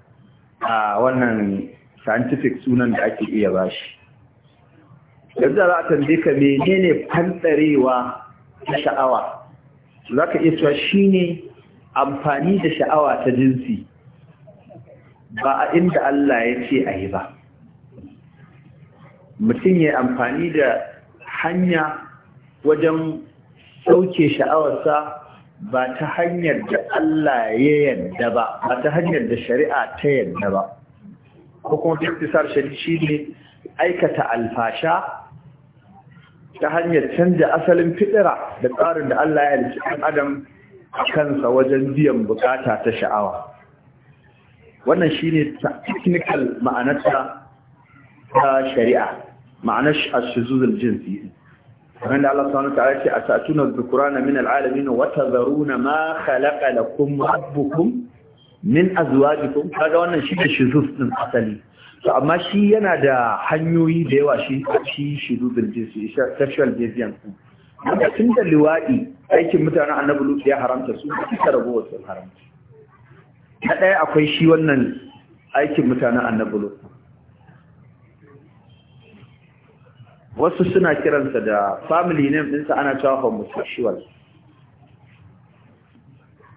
a wannan scientific sunan da ake iya ba shi. yanzu za a tambaye ka menene fantarewa ta sha'awa za ka iya cewa ne amfani da sha'awa ta jinsi ba a inda Allah ya ce a yi ba mutum ya amfani da hanya wajen sauke sha'awarsa ba ta hanyar da Allah ya yadda ba ba ta hanyar da shari'a ta yadda ba ko kuma fiktisar shari'a shi ne aikata alfasha ta hanyar canza asalin fitira da tsarin da Allah ya halitta ɗan adam a kansa wajen biyan bukata ta sha'awa wannan shine technical ma'anarta ta shari'a ma'anar ashizuzul jinsi da Allah subhanahu wa ta'ala ce atatuna dhukrana min na wata wa na ma khalaqa lakum rabbukum min azwajikum kaga wannan shi ne shizuz din asali to amma shi yana da hanyoyi da yawa shi shi shizuzul jinsi sexual deviance wanda tun da liwaɗi aikin mutanen annabi lutu ya haramta su suka rabu wasu haramta na ɗaya akwai shi wannan aikin mutanen annabi lutu wasu suna kiransa da family name ɗinsa ana cewa homosexual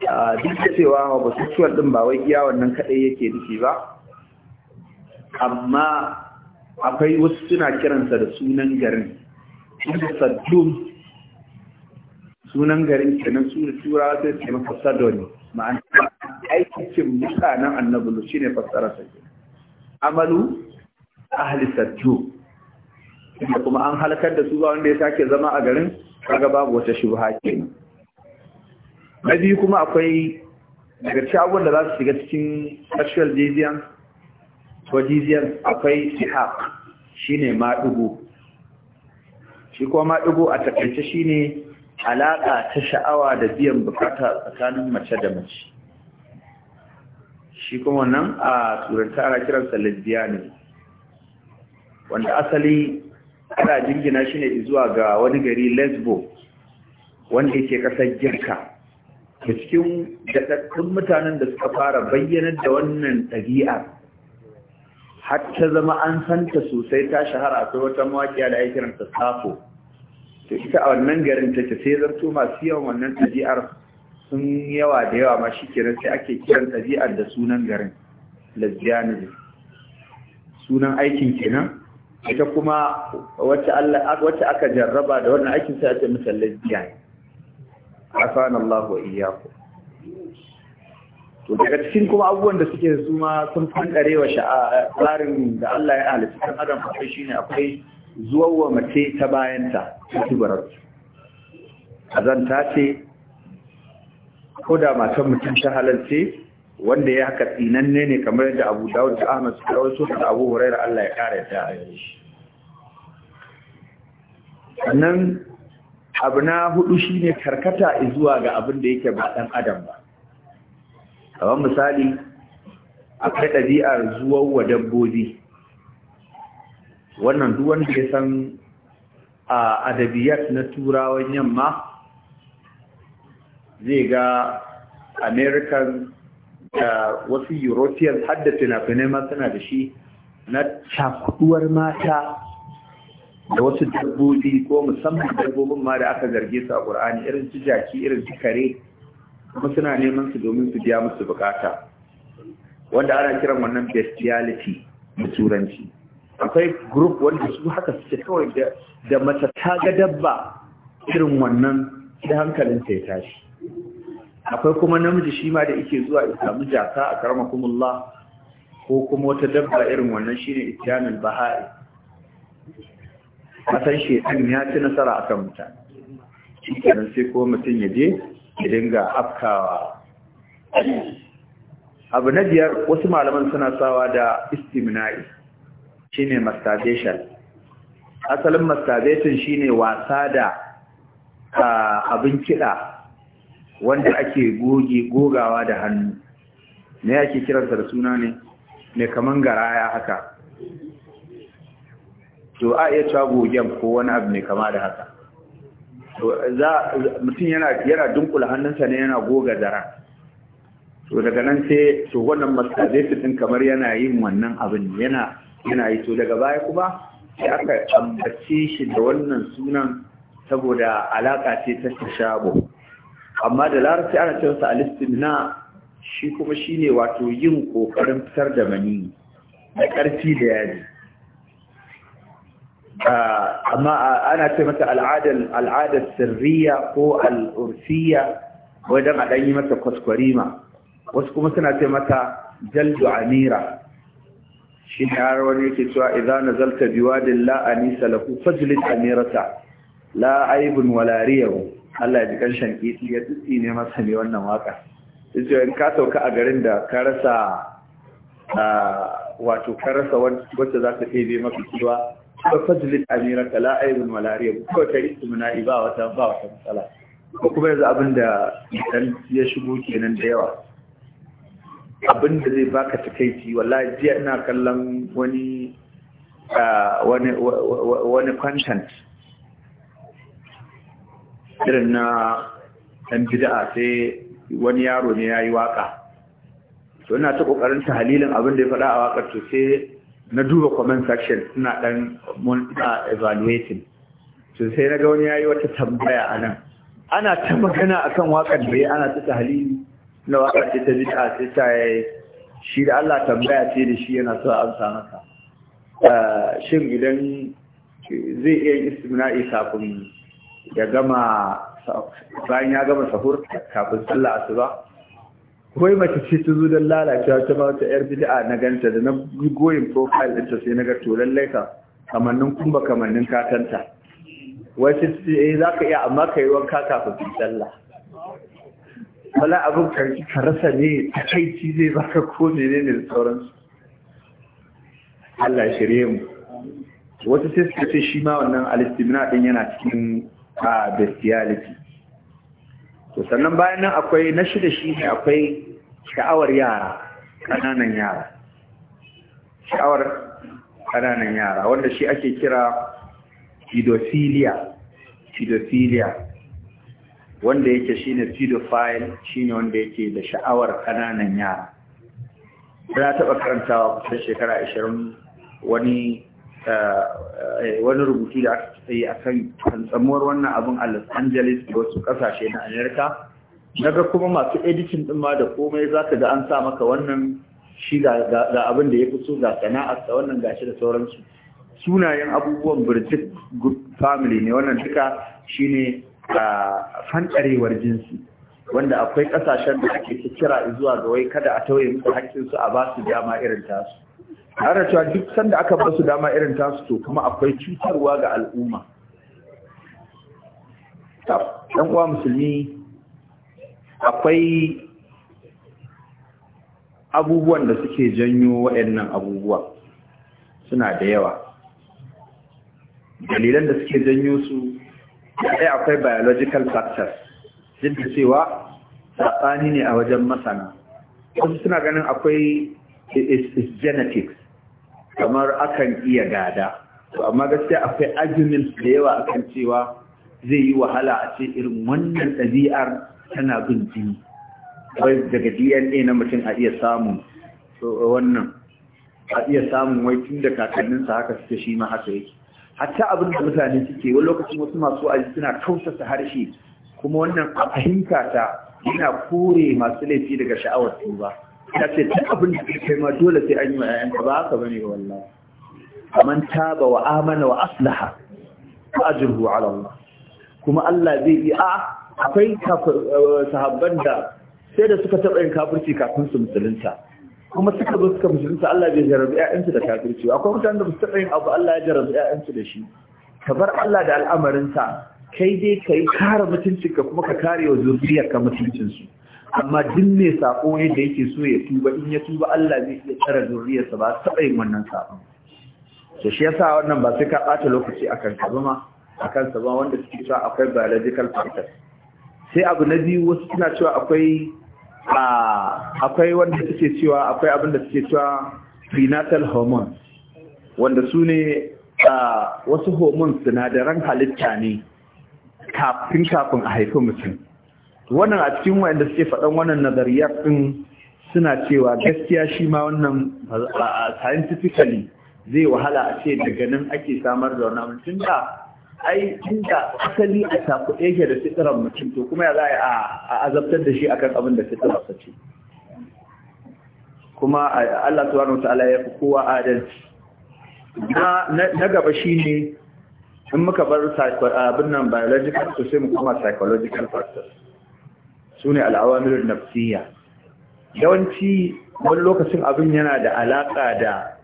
ah, duk da cewa homosexual ɗin ba wai iya wannan kaɗai yake duki ba amma akwai wasu suna kiransa da sunan garin inda saddum sunan garin kenan su turawa sai su maka sadoni ma'ana aikin mutanen annabulu shine fassara sai amalu ahli saddum da kuma an halakar da su ba wanda ya sake zama a garin kaga babu wata shubha kenan na biyu kuma akwai daga shagon da za su shiga cikin sexual jizyan ko jizyan akwai sihaq shine maɗugo shi kuma maɗugo a takaice shine alaƙa ta sha'awa da biyan bukata tsakanin mace da mace shi kuma wannan a turanta ana kiransa lesbianism wanda asali ana jingina shi ne zuwa ga wani gari lesbo wanda yake ƙasar girka da cikin daɗaɗɗun mutanen da suka fara bayyanar da wannan ɗabi'ar har ta zama an santa sosai ta shahara akwai wata mawaƙiya da ake ta safo to ita a wannan garin ta sai zanto masu yawan wannan ɗabi'ar sun yawa da yawa ma shi kenan sai ake kiran ɗabi'ar da sunan garin lesbianism sunan aikin kenan ita kuma wacce aka jarraba da wannan aikin sai ake mata lafiya afana Allah wa iyyakum to daga cikin kuma abubuwan da suke su ma sun fankare wa tsarin da Allah ya halitta kan adam akwai shine akwai zuwa mace ta bayanta ta tubarar azanta ce ko da matan mutum ta wanda ya haka tsinanne ne kamar yadda abu dawud da ahmad kawai su da abu da Allah ya kare ta a shi sannan abu na hudu shine karkata zuwa ga abin da yake ba adam ba kamar misali akwai ɗabi'ar zuwan wa dabbobi wannan duk wanda ya san a adabiyat na turawan yamma zai ga Amerikan. wasu european hadda fina-finai ma suna da shi na cakuduwar mata da wasu dabbobi ko musamman dabbobin ma da aka zarge su a ƙur'ani irin su jaki irin su kare kuma suna neman su domin su biya musu bukata wanda ana kiran wannan bestiality da turanci akwai group wanda su haka suke kawai da mace ta ga dabba irin wannan da hankalin ta ya tashi akwai kuma namiji shi ma da yake zuwa ya samu jaka a karamakumullah ko kuma wata dabba irin wannan shine ityanul baha'i kasan shekan ya ci nasara akan mutane shi kenan sai kuma mutum ya je ya dinga afkawa abu na biyar wasu malaman suna sawa da istimna'i shine masturbation asalin masturbation shine wasa da ah, abin kiɗa wanda ake goge gogawa da hannu ne ake kiransa da suna ne ne kaman garaya haka to a iya cewa gogen ko wani abu mai kama da haka to za mutum yana yana dunkula hannunsa ne yana goga zara to daga nan sai to wannan masajid din kamar yana yin wannan abin yana yana yi to daga baya kuma sai aka ambace shi da wannan sunan saboda alaka ce ta shabo amma da larabci ana cewa sa al kuma shi ne shine wato yin ƙoƙarin fitar da mani da karfi da yaji amma ana ce mata al'adar sirriya ko al'urfiya wajen a yi mata kwaskwarima wasu kuma suna ce mata jaldu amira shi ne har wani yake cewa idan nazalta biwadin da la'ani lahu fajlid amirata la aibun Allah ya ji karshen kiti ya tsitsi ne masa ne wannan waka yace in ka sauka a garin da ka rasa wato ka rasa wacce za ta ɗebe maka kiwa ba amira amiraka la aibun malariya ko ta istimna iba wata ba wata matsala ko kuma yanzu abin da dan ya shigo kenan da yawa abin da zai baka takeici wallahi jiya ina kallon wani wani wani content irin na ɗan bid'a sai wani yaro ne ya yi waƙa to ina ta ƙoƙarin ta halilin abin da ya faɗa a waƙar to sai na duba comment section suna ɗan mun evaluating to sai na ga wani ya yi wata tambaya a nan ana ta magana a kan waƙar da ya ana ta tahalili na waƙar ta bid'a sai ta yi shi da Allah tambaya ce da shi yana so a amsa maka eh, shin idan zai iya yin istimna'i kafin ya gama bayan ya gama sahur kafin sallah asuba wai mace ce ta zo don lalacewa ta ba wata yar bid'a na ganta da na goyin profile ɗinta sai na ga to lallai ka kamannin kumba kamannin katanta Wace ce eh za iya amma ka yi wanka kafin sallah wala abin karki ka rasa ne takaici zai baka ko ne ne da sauransu Allah shirye mu wata sai suka ce shi ma wannan alistimina din yana cikin a bestiality to sannan bayan nan akwai na shida shi ne akwai sha'awar yara ƙananan yara sha'awar ƙananan yara wanda shi ake kira pedophilia pedophilia wanda yake shi ne pedophile ne wanda yake da sha'awar kananan yara na taɓa karantawa kusan shekara 20 wani Eh, wani rubutu da aka tsaye a kan hantsamuwar wannan abin a Los Angeles da wasu kasashe na Amerika. Naga kuma masu editin ɗin ma da komai za ka ga an sa maka wannan shi ga abin da ya fi so ga sana'ar da wannan gashi da sauransu. Sunayen abubuwan British Good Family ne wannan duka shine a fantarewar jinsi. Wanda akwai ƙasashen da ake kira zuwa ga wai kada a tauye musu haƙƙinsu a ba su dama irin tasu. har cewa duk sanda aka basu dama irin tasu to kuma akwai cutarwa ga al'umma ɗan uwa musulmi akwai abubuwan da suke janyo waɗannan abubuwa suna da yawa dalilan da suke janyo su ɗaya akwai biological factors duk cewa saɓani ne a wajen masana wasu suna ganin akwai is genetics kamar akan iya gada to amma gaskiya akwai arguments da yawa akan cewa zai yi wahala a ce irin wannan ɗabi'ar tana bin jini wai daga dna na mutum a iya samun wannan a iya samun wai tun da kakanninsa haka suke shi ma haka yake hatta abin da mutane suke wani lokacin wasu masu aji suna kausasa harshe kuma wannan a fahimta ta yana kore masu laifi daga sha'awar tuba ta ce duk abin da kai ma dole sai an yi wa ƴaƴanka ba haka bane ba wallahi man taba wa amana wa aslaha fa ajruhu ala Allah kuma Allah zai yi a akwai sahabban da sai da suka taɓa yin kafirci kafin su musulunta kuma suka zo suka musulunta Allah bai jarabi ƴaƴansu da kafirci akwai mutanen da ba su taɓa yin abu Allah ya jarabi ƴaƴansu da shi ka bar Allah da al'amarinsa kai dai ka yi kare mutuncinka kuma ka kare wa zuriyarka mutuncinsu amma duk mai sako yadda yake so ya tuba in ya tuba Allah zai iya tsara zuriyarsa ba taɓa yin wannan saƙon. to shi yasa wannan ba sai ka ɓata lokaci akan ka ba ma akan sa ba wanda suke cewa akwai biological factors sai abu na biyu wasu suna cewa akwai akwai wanda suke cewa akwai abin da suke cewa prenatal hormones wanda su ne wasu hormones sinadaran halitta ne kafin kafin a haifi mutum wannan a cikin wanda suke faɗan wannan nazariya ɗin suna cewa gaskiya shi ma wannan scientifically zai wahala a ce daga nan ake samar da wani mutum da ai tun da asali a tafi yake da fitirar mutum to kuma ya za a azabtar da shi akan abin da fitirar sa ce kuma Allah subhanahu ta'ala ya fi kowa adalci na gaba shi ne in muka bar abin nan biological to sai mu koma psychological factors su ne al'awamirin nafsiyya yawanci wani lokacin abin yana da alaƙa da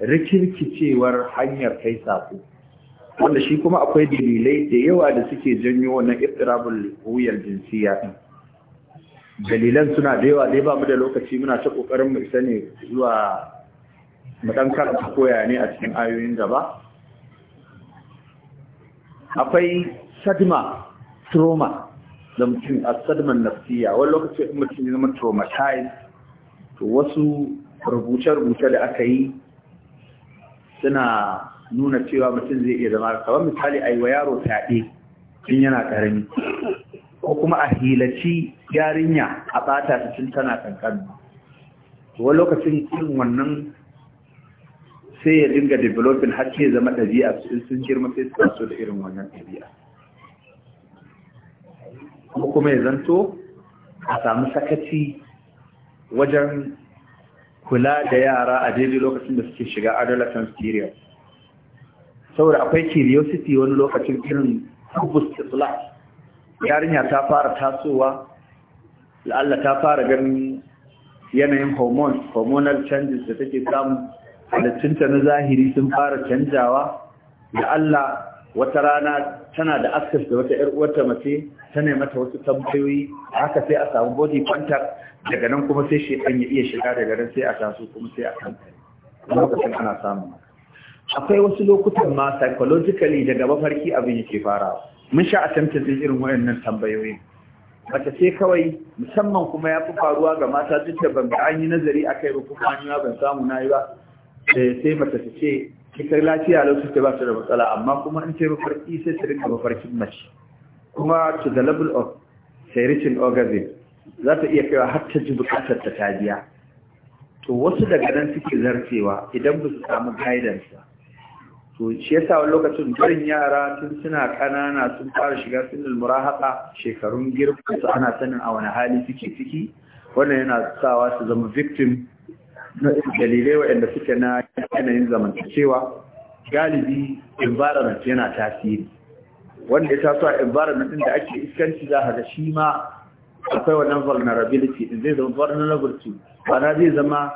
rikirkicewar hanyar kai saƙo wanda shi kuma akwai dalilai da yawa da suke janyo wannan iftirabul wuyar jinsiya dalilan suna da yawa dai ba mu da lokaci muna ta ƙoƙarin mu isa ne zuwa mu dan karanta koya ne a cikin ayoyin gaba akwai sadma trauma da mutum a sadman nafsiya wani lokaci in mutum ya zama traumatized to wasu rubuce-rubuce da aka yi suna nuna cewa mutum zai iya zama kamar misali a yi wa yaro fyaɗe tun yana ƙarami ko kuma a hilaci yarinya a ɓata ta tun tana ƙanƙanu wani lokacin irin wannan sai ya dinga developing har ke zama ɗabi'a sun girma sai su da irin wannan ɗabi'a kuma kuma ya zanto a samu sakaci wajen kula da yara a daidai lokacin da suke shiga adolescent period saboda akwai curiosity wani lokacin irin kubus islam yarinya ta fara tasowa la'alla ta fara ganin yanayin hormones hormonal changes da take samu halittunta na zahiri sun fara canjawa la'alla wata rana tana da access da wata ‘yar uwarta mace ta nema mata wasu tambayoyi haka sai a samu body contact daga nan kuma sai shi ya iya shiga daga nan sai a taso kuma sai a kanta lokacin ana samu akwai wasu lokutan ma psychologically daga mafarki abin yake farawa mun sha attempted din irin wayannan tambayoyi mace ce kawai musamman kuma ya fi faruwa ga mata duk da ban ga an yi nazari akai ba kuma an yi ban samu nayi ba eh, sai mace ta ce ita lafiya lokacin ta ba su da matsala amma kuma an ce mafarki sai su rinka mafarkin mace kuma to the level of serotonin orgasm za ta iya kaiwa har ta ji bukatar ta tabiya to wasu daga nan suke zarcewa idan ba su samu guidance ba to shi yasa wani lokacin barin yara tun suna ƙanana sun fara shiga sunan murahaka shekarun girma su ana sanin a wani hali suke ciki wannan yana sawa su zama victim dalilai waɗanda suke na yanayin zamantacewa galibi environment yana tasiri wanda ya taso a environment ɗin da ake iskanci za a ga shi ma akwai wannan vulnerability In zai zama vulnerable to zai zama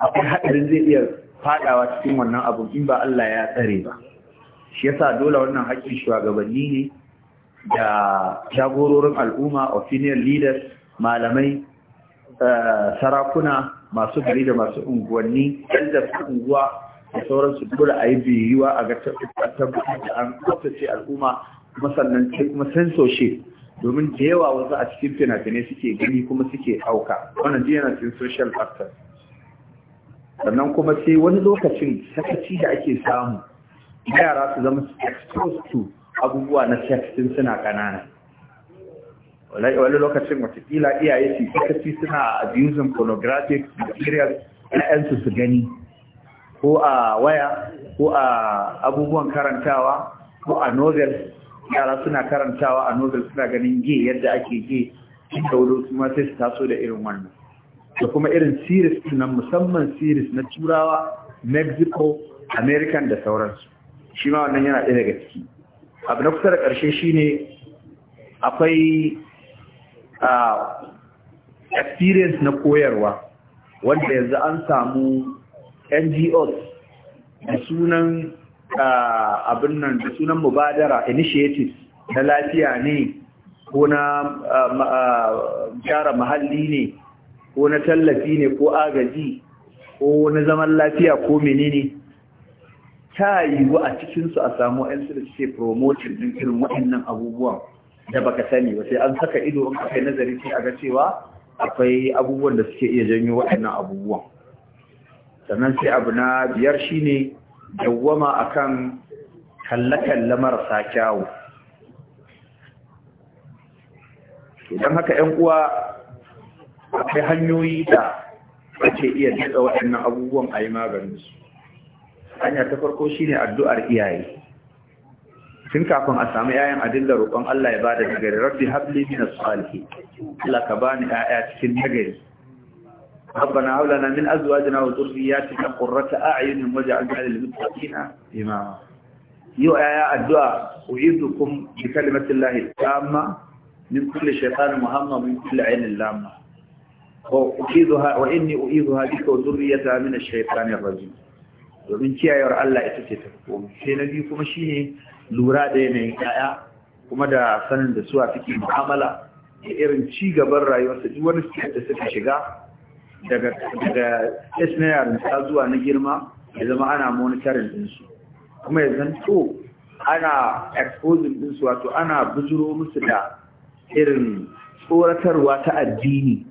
akwai haɗarin zai iya faɗawa cikin wannan abu in ba Allah ya tsare ba shi yasa dole wannan haƙƙin shugabanni ne da jagororin al'umma opinion leaders malamai eh, sarakuna masu gari da masu unguwanni ɗan da unguwa da sauransu dole a yi biyuwa a ga tabbatar da an tsaftace al'umma kuma sannan sai kuma sensoshe domin da yawa wasu a cikin fina-finai suke gani kuma suke auka wannan jiya na cikin social factor sannan kuma sai wani lokacin sakaci da ake samu yara su zama exposed to abubuwa na sex suna ƙanana wani lokacin watakila iyaye su sakaci suna abusing pornographic material yansu su gani ko a waya ko a abubuwan karantawa ko a novel yara suna karantawa a novel suna ganin ge yadda ake ge da wuri su sai su taso da irin wannan da kuma irin series din nan musamman series na turawa mexico american da sauransu shi ma wannan yana ɗaya daga ciki abu na kusa da ƙarshe shine akwai experience na koyarwa wanda yanzu an samu ngos da sunan abin nan da sunan mubadara initiatives na lafiya ne ko na gyara mahalli ne ko na tallafi ne ko agaji ko na zaman lafiya ko menene ta yiwu a cikinsu a samu 'yan su da suke promoting ɗin irin waɗannan abubuwan da baka sani ba sai an saka ido in aka nazari sai a ga cewa akwai abubuwan da suke iya janyo waɗannan abubuwan sannan sai abu na biyar shine dawwama akan kalle-kalle marasa kyawu Idan haka ‘yan uwa akwai hanyoyi da ake iya daɗa waɗannan abubuwan a yi maganinsu hanya ta farko shine addu'ar iyaye tun kafin a samu ‘ya’yan adilla roƙon Allah ya ba da nagari rabbi habli minas salihi Allah ka ba ni ‘ya’ya cikin nagari rabbana haula na min azuwa jina wa turbi ya ci na ƙurrata a ayyunin waje an gani limin tafina imama yi wa ‘ya’ya addu’a ku yi dukkan bi kalimatin lahi lamma min kulle shaitan muhammad min kulle ainihin lamma wa inni u'izu ha bika wa turbi ya ta min shaitanin rajim domin kiyayewar Allah ita ce ta komai sai na biyu kuma shine lura da yanayin 'ya'ya kuma da sanin da suwa suke mu'amala da irin ci gaban rayuwarsa duk wani siyar da suka shiga daga daga na ta zuwa na girma ya zama ana monitoring ɗinsu kuma ya zanto ana exposing ɗinsu wato ana bujuro musu da irin tsoratarwa ta addini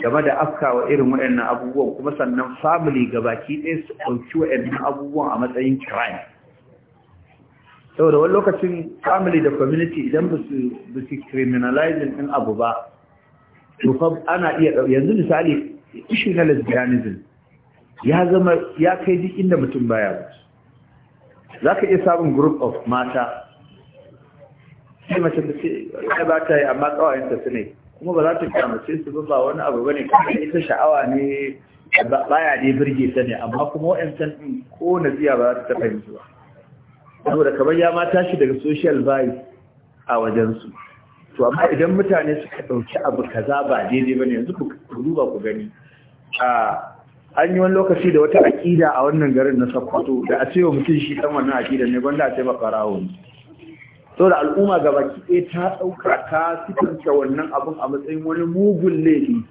game da afkawa irin waɗannan abubuwan kuma sannan family gabaki ɗaya su ɗauki waɗannan abubuwan a matsayin crime saboda wani lokacin family da community idan ba su criminalizing ɗin abu ba to fa ana iya yanzu misali ishi na lesbianism ya zama ya kai duk inda mutum baya ba za ka iya samun group of mata sai mace ce ba ta yi amma ƙawayenta su ne kuma ba za ta kyamace su ba ba wani abu bane kuma ita sha'awa ne baya ne birge ta ne amma kuma wa'ancan din ko ziya ba za ta fahimci ba saboda kamar ya ma tashi daga social bias a wajensu to amma idan mutane suka ɗauki abu kaza ba daidai ba ne yanzu ku duba ku gani a an yi wani lokaci da wata aƙida a wannan garin na sakkwato da a ce wa mutum shi ɗan wannan aƙida ne gwanda a ce ba farawo saboda al'umma ga baki ɗaya ta ɗauka ta wannan abin a matsayin wani mugun laifi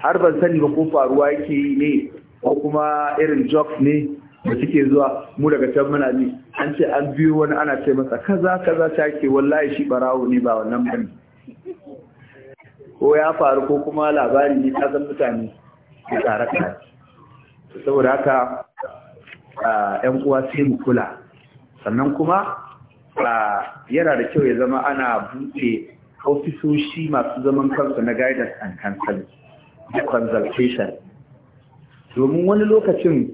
har ban sani ba ko faruwa yake yi ne ko kuma irin jokes ne da suke zuwa mu daga can muna ne an ce an biyo wani ana ce masa kaza kaza ta ke wallahi shi barawo ne ba wannan bane ko ya faru ko kuma labari ne ta zan mutane da tsara saboda haka yan uwa sai mu kula sannan kuma yana da kyau ya zama ana buɗe ofisoshi masu zaman kansu na guidance and counseling da consultation domin wani lokacin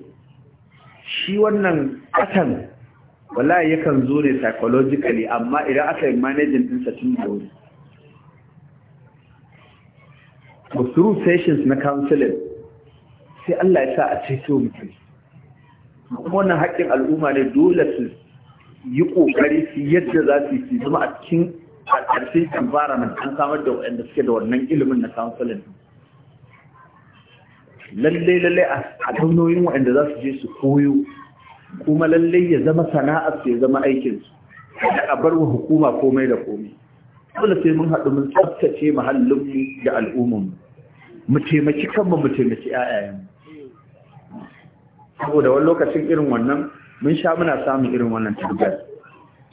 shi wannan atan wallahi yakan zo ne psychologically amma idan aka yi managing ɗinsa tun da wuri through sessions na counseling sai Allah ya sa a ceto mutum wannan haƙƙin al'umma ne dole su yi kokari su yadda za su yi zama a cikin a cikin environment an samar da waɗanda suke da wannan ilimin na counseling lallai lallai a taunoyin waɗanda za su je su koyo kuma lallai ya zama sana'a su ya zama aikinsu kada a bar wa hukuma komai da komai dole sai mun haɗu mun tsaftace muhallinmu da al'ummarmu mu taimaki kanmu mu taimaki 'ya'yayenmu saboda wani lokacin irin wannan mun sha muna samun irin wannan tambayar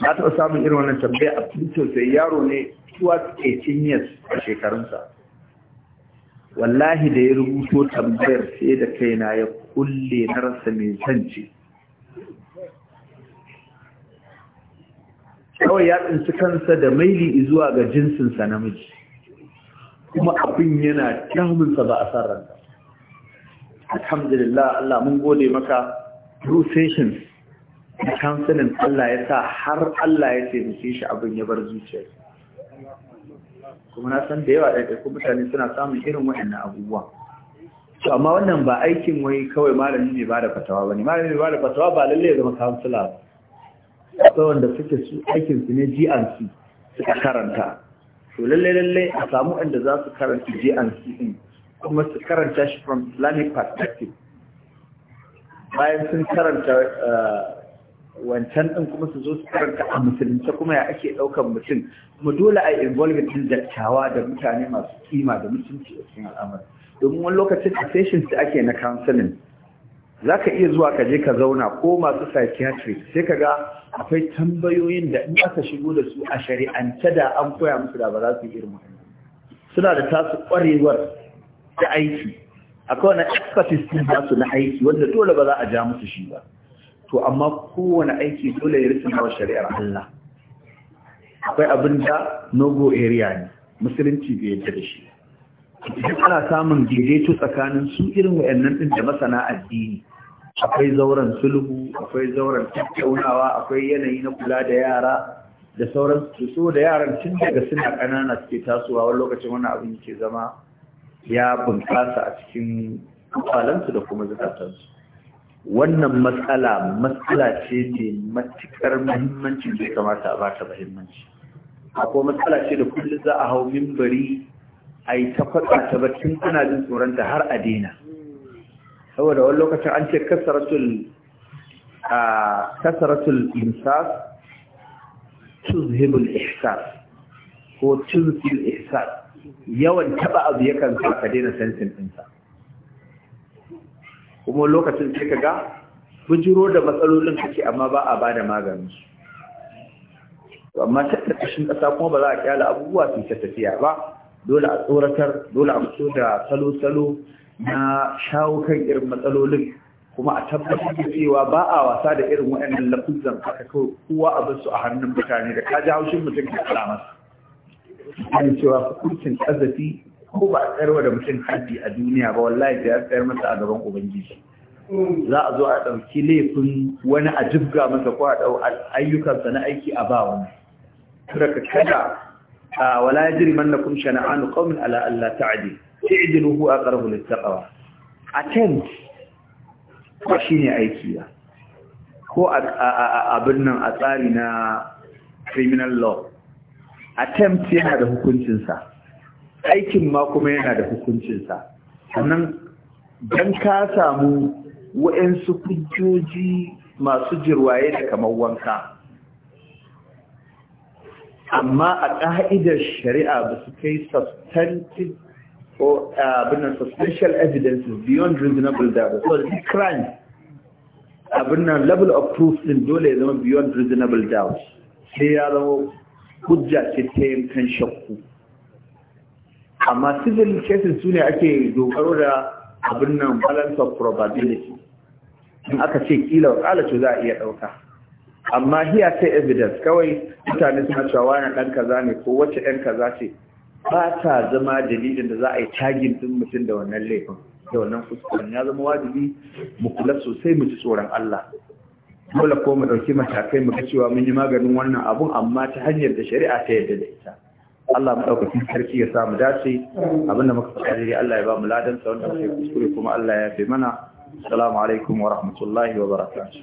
na taɓa samun irin wannan tambayar a fito sai yaro ne tuwa 18 years a shekarunsa wallahi da ya rubuto tambayar sai da kaina ya kulle na rasa mai zance kawai ya tsinci kansa da maili zuwa ga jinsinsa namiji kuma abin yana damunsa ba a san ranta alhamdulillah Allah mun gode maka through sessions da kansulin Allah ya sa har Allah ya taimake shi abin ya bar zuciya kuma na san da yawa kuma mutane suna samun irin waɗannan abubuwa to amma wannan ba aikin wai kawai malami ne ba da fatawa ba ne malami ne ba da fatawa ba lalle ya zama kansila ba akwai wanda suke su aikin su ne GNC suka karanta to lalle lalle a samu inda za su karanta GNC din kuma su karanta shi from Islamic perspective bayan sun karanta eh, wancan ɗin kuma su zo su karanta a musulunci kuma ya ake ɗaukar mutum kuma dole a involving ɗin dattawa da mutane masu kima da mutunci a cikin al'amari domin wani lokacin a sessions da ake na counseling za ka iya zuwa ka je ka zauna ko masu psychiatric sai ka ga akwai tambayoyin da in aka shigo da su a shari'ance da an koya musu da ba za su yi irin suna da tasu kwarewar da aiki akwai wani expertise din nasu na aiki wanda dole ba za a ja musu shi ba to amma kowane aiki dole ya rikina wa shari'ar Allah akwai abin da nogo area ne musulunci bai yadda da shi idan ana samun daidaito tsakanin su irin wayannan din da masana addini akwai zauren sulhu akwai zauren tattaunawa akwai yanayi na kula da yara da sauran so da yaran tun daga suna ƙanana suke tasowa wani lokacin wani abin ke zama ya bunƙasa a cikin kwalansu da kuma zukatansu wannan matsala matsala ce ce matukar muhimmanci da ya kamata a bata muhimmanci akwai matsala ce da kullum za a hau mimbari a yi ta faɗa ta batun ana jin ta har a daina saboda wani lokacin an ce kasaratul a kasaratul insas tuzhibul ihsas ko tuzhibul ihsas yawan taba abu yakan sa ka daina sensin ɗinsa kuma lokacin sai ka ga bujiro da matsalolin kake amma ba a bada magani. su amma ta ƙarƙashin ƙasa kuma ba za a kyala abubuwa sun ta tafiya ba dole a tsoratar dole a fito da salo-salo na shawo kan irin matsalolin kuma a tabbatar da cewa ba a wasa da irin waɗannan lafuzan aka kawai kowa a su a hannun mutane da ka ji haushin mutum ka kalamar. masa. Ana cewa hukuncin ƙazafi ko ba a tsayarwa da mutum haddi a duniya ba wallahi da ya tsayar masa a gaban ubangiji za a zo a ɗauki laifin wani a jibga masa ko a ɗau ayyukansa na aiki a ba wani daga kada a wala ya jiri manna kun anu qaumin ala Allah ta'adi i'dilu huwa a littaqwa attempt shi ne aiki ba ko a birnin a tsari na criminal law attempt yana da hukuncinsa aikin ma kuma yana da hukuncinsa sannan don ka samu wa'yansu kujoji masu jirwaye da kamar wanka amma a ƙa'idar shari'a ba su kai substantive ko abin substantial evidence beyond reasonable doubt so the crime abin level of proof din dole ya zama beyond reasonable doubt sai ya zama hujja ce ta yankan shakku amma civil cases su ne ake dogaro da abin nan balance of probability in aka ce kila wakala ce za a iya ɗauka amma hiya ta evidence kawai mutane suna cewa wani ɗan kaza ne ko wacce ɗan kaza ce ba ta zama dalilin da za a yi tagin ɗin mutum da wannan laifin da wannan kuskuren ya zama wajibi mu kula sosai mu ji tsoron Allah dole ko mu ɗauki matakai mu ga cewa mun yi maganin wannan abun amma ta hanyar da shari'a ta yarda da ita Allah mu dauka sarki ya samu dace abinda muka faɗa dai Allah ya ba mu ladan sa wanda muke kuskure kuma Allah ya bi mana assalamu alaikum wa rahmatullahi wa barakatuh